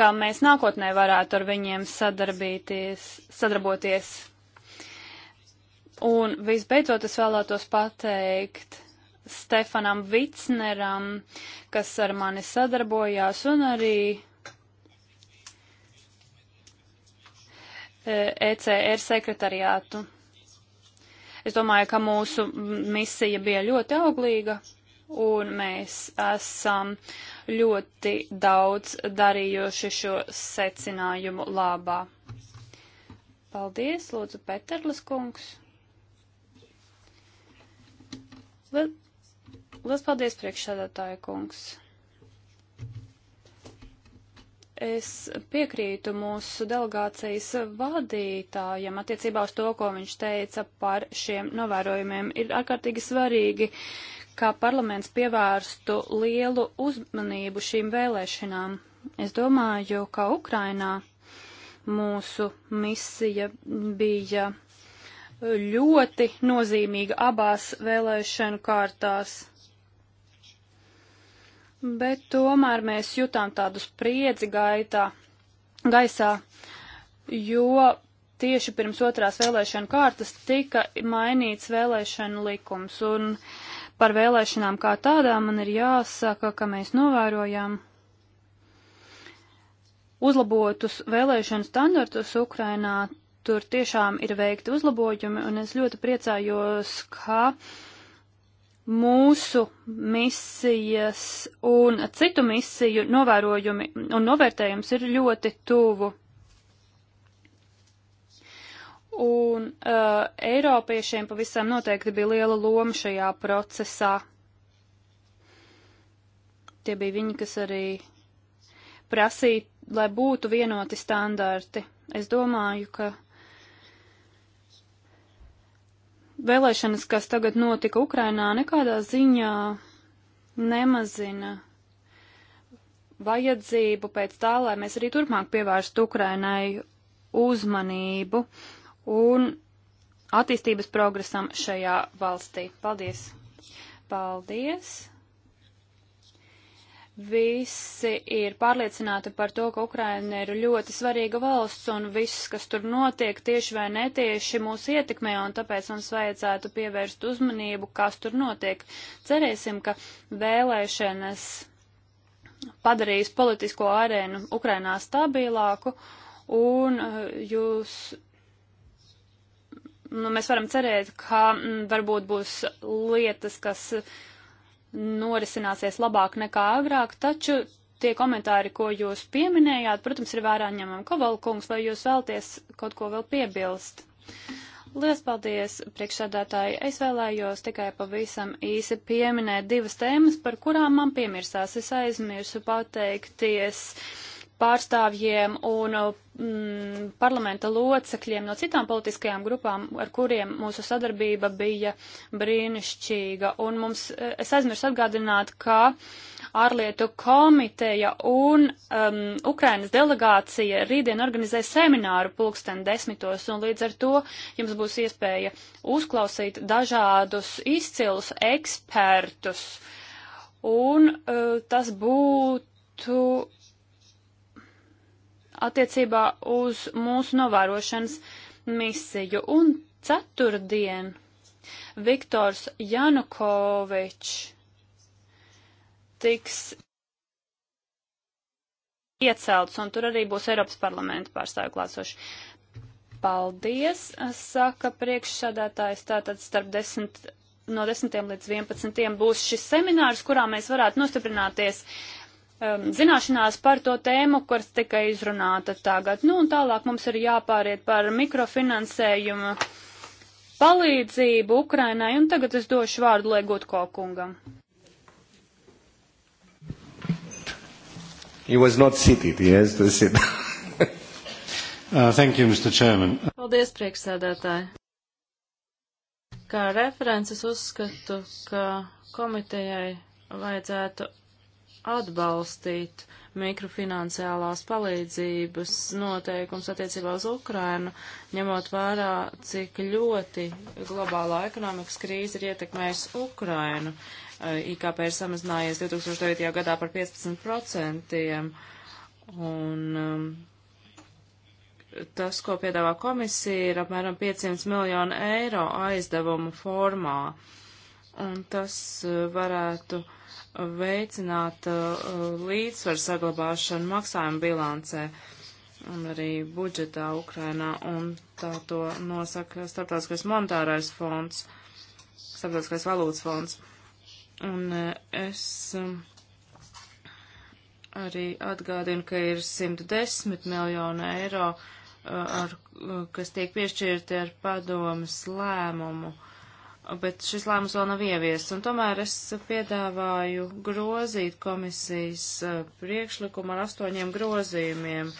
ka mēs nākotnē varētu ar viņiem sadarbīties, sadarboties. Un visbeidzot es vēlētos pateikt Stefanam Vicneram, kas ar mani sadarbojās un arī ECR e sekretariātu. Es domāju, ka mūsu misija bija ļoti auglīga un mēs esam ļoti daudz darījuši šo secinājumu labā. Paldies, lūdzu, Peterlis kungs. Lielas paldies, priekšsēdētāja kungs! Es piekrītu mūsu delegācijas vadītājam attiecībā uz to, ko viņš teica par šiem novērojumiem. Ir ārkārtīgi svarīgi, kā parlaments pievērstu lielu uzmanību šīm vēlēšanām. Es domāju, ka Ukrainā mūsu misija bija ļoti nozīmīga abās vēlēšanu kārtās. Bet tomēr mēs jutām tādu spriedzi gaitā, gaisā, jo tieši pirms otrās vēlēšana kārtas tika mainīts vēlēšanu likums. Un par vēlēšanām kā tādām man ir jāsaka, ka mēs novērojām uzlabotus vēlēšanu standartus Ukrainā tur tiešām ir veikti uzlabojumi, un es ļoti priecājos, ka mūsu misijas un citu misiju novērojumi un novērtējums ir ļoti tuvu. Un uh, Eiropiešiem pavisam noteikti bija liela loma šajā procesā. Tie bija viņi, kas arī prasīja, lai būtu vienoti standarti. Es domāju, ka Vēlēšanas, kas tagad notika Ukrainā, nekādā ziņā nemazina vajadzību pēc tā, lai mēs arī turpmāk pievērstu Ukrainai uzmanību un attīstības progresam šajā valstī. Paldies! Paldies! visi ir pārliecināti par to, ka Ukraina ir ļoti svarīga valsts un viss, kas tur notiek, tieši vai netieši, mūs ietekmē un tāpēc mums vajadzētu pievērst uzmanību, kas tur notiek. Cerēsim, ka vēlēšanas padarīs politisko arēnu Ukrainā stabilāku un uh, jūs. Nu, mēs varam cerēt, ka m, mm, varbūt būs lietas, kas uh, norisināsies labāk nekā agrāk, taču tie komentāri, ko jūs pieminējāt, protams, ir vērā ņemami. Kovalkungs, vai jūs vēlties kaut ko vēl piebilst? Lielas paldies, priekšsādātāji. Es vēlējos tikai pavisam īsi pieminēt divas tēmas, par kurām man piemirsās. Es aizmirsu pateikties. Uh, pārstāvjiem un uh, mm, parlamenta locekļiem no citām politiskajām grupām, ar kuriem mūsu sadarbība bija brīnišķīga. Un mums, eh, es aizmirsu atgādināt, ka ārlietu komiteja un um, Ukrainas delegācija rītdien organizē semināru pulksten desmitos, un līdz ar to jums būs iespēja uzklausīt dažādus izcilus ekspertus. Un uh, tas būtu attiecībā uz mūsu novērošanas misiju. Un ceturtdien Viktors Janukovičs tiks iecelts, un tur arī būs Eiropas parlamenta pārstāvju klāsoši. Paldies, saka priekšsādātājs, tātad starp 10, no 10 līdz 11 būs šis seminārs, kurā mēs varētu nostiprināties um, zināšanās par to tēmu, kuras tika izrunāta tagad. Nu, un tālāk mums ir jāpāriet par mikrofinansējumu palīdzību Ukrainai, un tagad es došu vārdu Legutko kungam. He was not seated, he has to sit. uh, thank you, Mr. Chairman. Paldies, priekšsēdētāji. Kā references uzskatu, ka komitejai vajadzētu atbalstīt mikrofinanciālās palīdzības noteikums attiecībā uz Ukrainu, ņemot vērā, cik ļoti globālā ekonomikas krīze ir ietekmējusi Ukrainu. E, IKP ir samazinājies 2009. gadā par 15%, un um, tas, ko piedāvā komisija, ir apmēram 500 miljonu eiro aizdevumu formā. Uh, un tas eh, varētu veicināt eh, līdzsvaru saglabāšanu maksājumu bilancē un arī budžetā Ukrainā, un tā to nosaka Starptautiskais monetārais fonds, Starptautiskais valūtas fonds. Un eh, es arī atgādinu, ka ir 110 miljonu eiro, ar, kas tiek piešķirti ar padomas lēmumu. Uh, bet šis lēmums vēl nav ieviests. Un tomēr es piedāvāju grozīt komisijas eh, priekšlikumu ar astoņiem grozījumiem.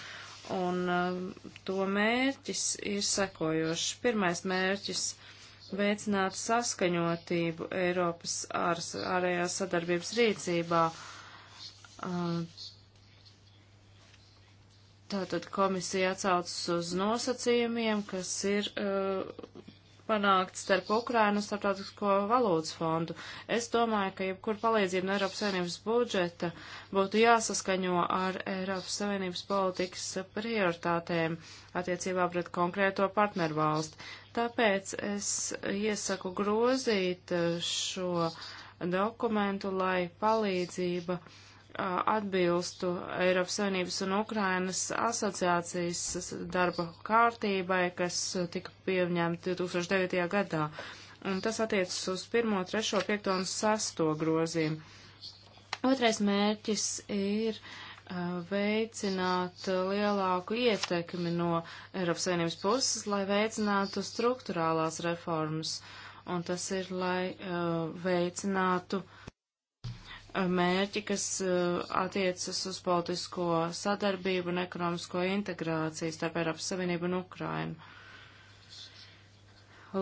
Un eh, to mērķis ir sekojošs. Pirmais mērķis - veicināt saskaņotību Eiropas ārējās sadarbības rīcībā. Um, tātad komisija atsaucas uz nosacījumiem, kas ir uh, panākts starp Ukrainu un Startautisko valūtas fondu. Es domāju, ka jebkur palīdzība no Eiropas Savienības budžeta būtu jāsaskaņo ar Eiropas Savienības politikas prioritātēm attiecībā pret konkrēto partneru valsti. Tāpēc es iesaku grozīt šo dokumentu, lai palīdzība uh, atbilstu Eiropas Savienības un Ukrainas asociācijas darba kārtībai, kas tika pieņemta 2009. gadā. Un tas attiecas uz 1, 3, 5 un 6 grozīm. Otrais mērķis ir veicināt lielāku ietekmi no Eiropas Savienības puses, lai veicinātu struktūrālās reformas. Un tas ir, lai veicinātu uh, mērķi, kas uh, attiecas uz politisko sadarbību un ekonomisko integrāciju starp Eiropas Savienību un Ukrainu.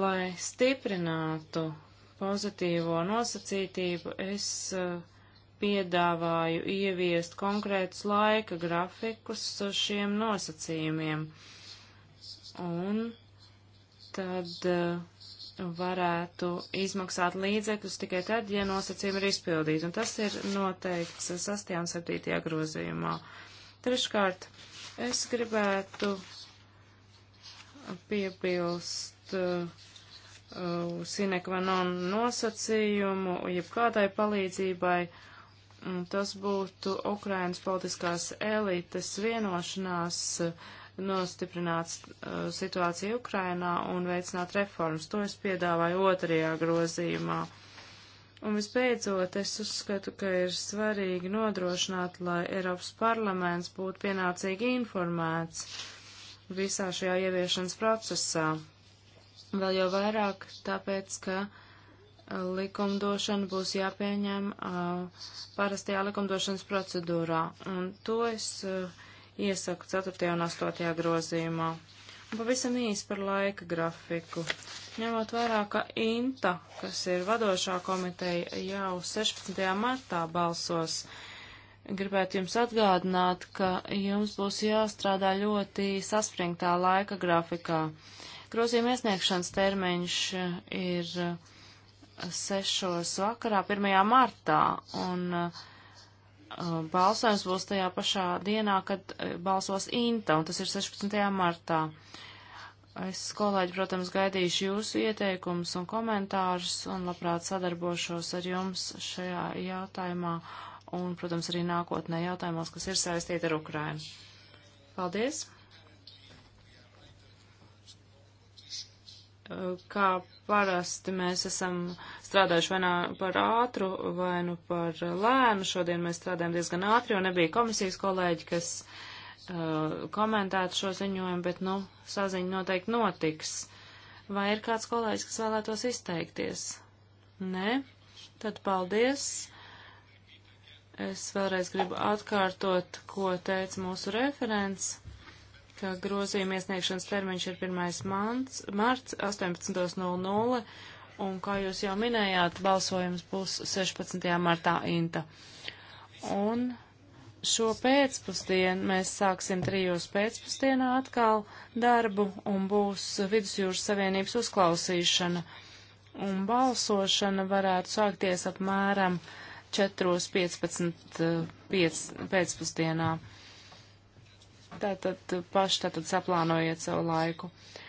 Lai stiprinātu pozitīvo nosacītību, es uh, piedāvāju ieviest konkrētus laika grafikus šiem nosacījumiem. Un tad uh, varētu izmaksāt līdzekļus tikai tad, ja nosacījumi ir izpildīti, un tas ir noteikts 6. un 7. grozījumā. Treškārt, es gribētu piebilst uh, sinekvanon nosacījumu, jebkādai palīdzībai, tas būtu Ukrainas politiskās elites vienošanās uh, nostiprināt uh, situāciju Ukrainā un veicināt reformas. To es piedāvāju otrajā grozījumā. Un visbeidzot, es uzskatu, ka ir svarīgi nodrošināt, lai Eiropas parlaments būtu pienācīgi informēts visā šajā ieviešanas procesā. Vēl jau vairāk tāpēc, ka uh, likumdošana būs jāpieņem uh, parastajā likumdošanas procedūrā. Un to es uh, iesaku 4. un 8. grozījumā. Un pavisam īsi par laika grafiku. Ņemot vērā, ka INTA, kas ir vadošā komiteja, jau 16. martā balsos, gribētu jums atgādināt, ka jums būs jāstrādā ļoti saspringtā laika grafikā. Grozījuma iesniegšanas termiņš ir 6. vakarā, 1. martā, un uh, Uh, balsojums būs tajā pašā dienā, kad uh, balsos INTA, un tas ir 16. martā. Es, kolēģi, protams, gaidīšu jūsu ieteikumus un komentārus, un labprāt sadarbošos ar jums šajā jautājumā, un, protams, arī nākotnē jautājumos, kas ir saistīti ar Ukrainu. Paldies! kā parasti mēs esam strādājuši vai nu par ātru, vai nu par lēnu. Šodien mēs strādājam diezgan ātri, jo nebija komisijas kolēģi, kas uh, komentētu šo ziņojumu, bet, nu, saziņa noteikti notiks. Vai ir kāds kolēģis, kas vēlētos izteikties? Nē? Tad paldies. Es vēlreiz gribu atkārtot, ko teica mūsu referents ka grozījuma iesniegšanas termiņš ir 1. Mans, marts 18.00, un, kā jūs jau minējāt, balsojums būs 16. martā Inta. Un šo pēcpusdienu mēs sāksim trijos pēcpusdienā atkal darbu, un būs Vidusjūras Savienības uzklausīšana, un balsošana varētu sākties apmēram 4.15. Eh, pēcpusdienā. Piec, Tātad paši tātad saplānojiet savu laiku. Uh,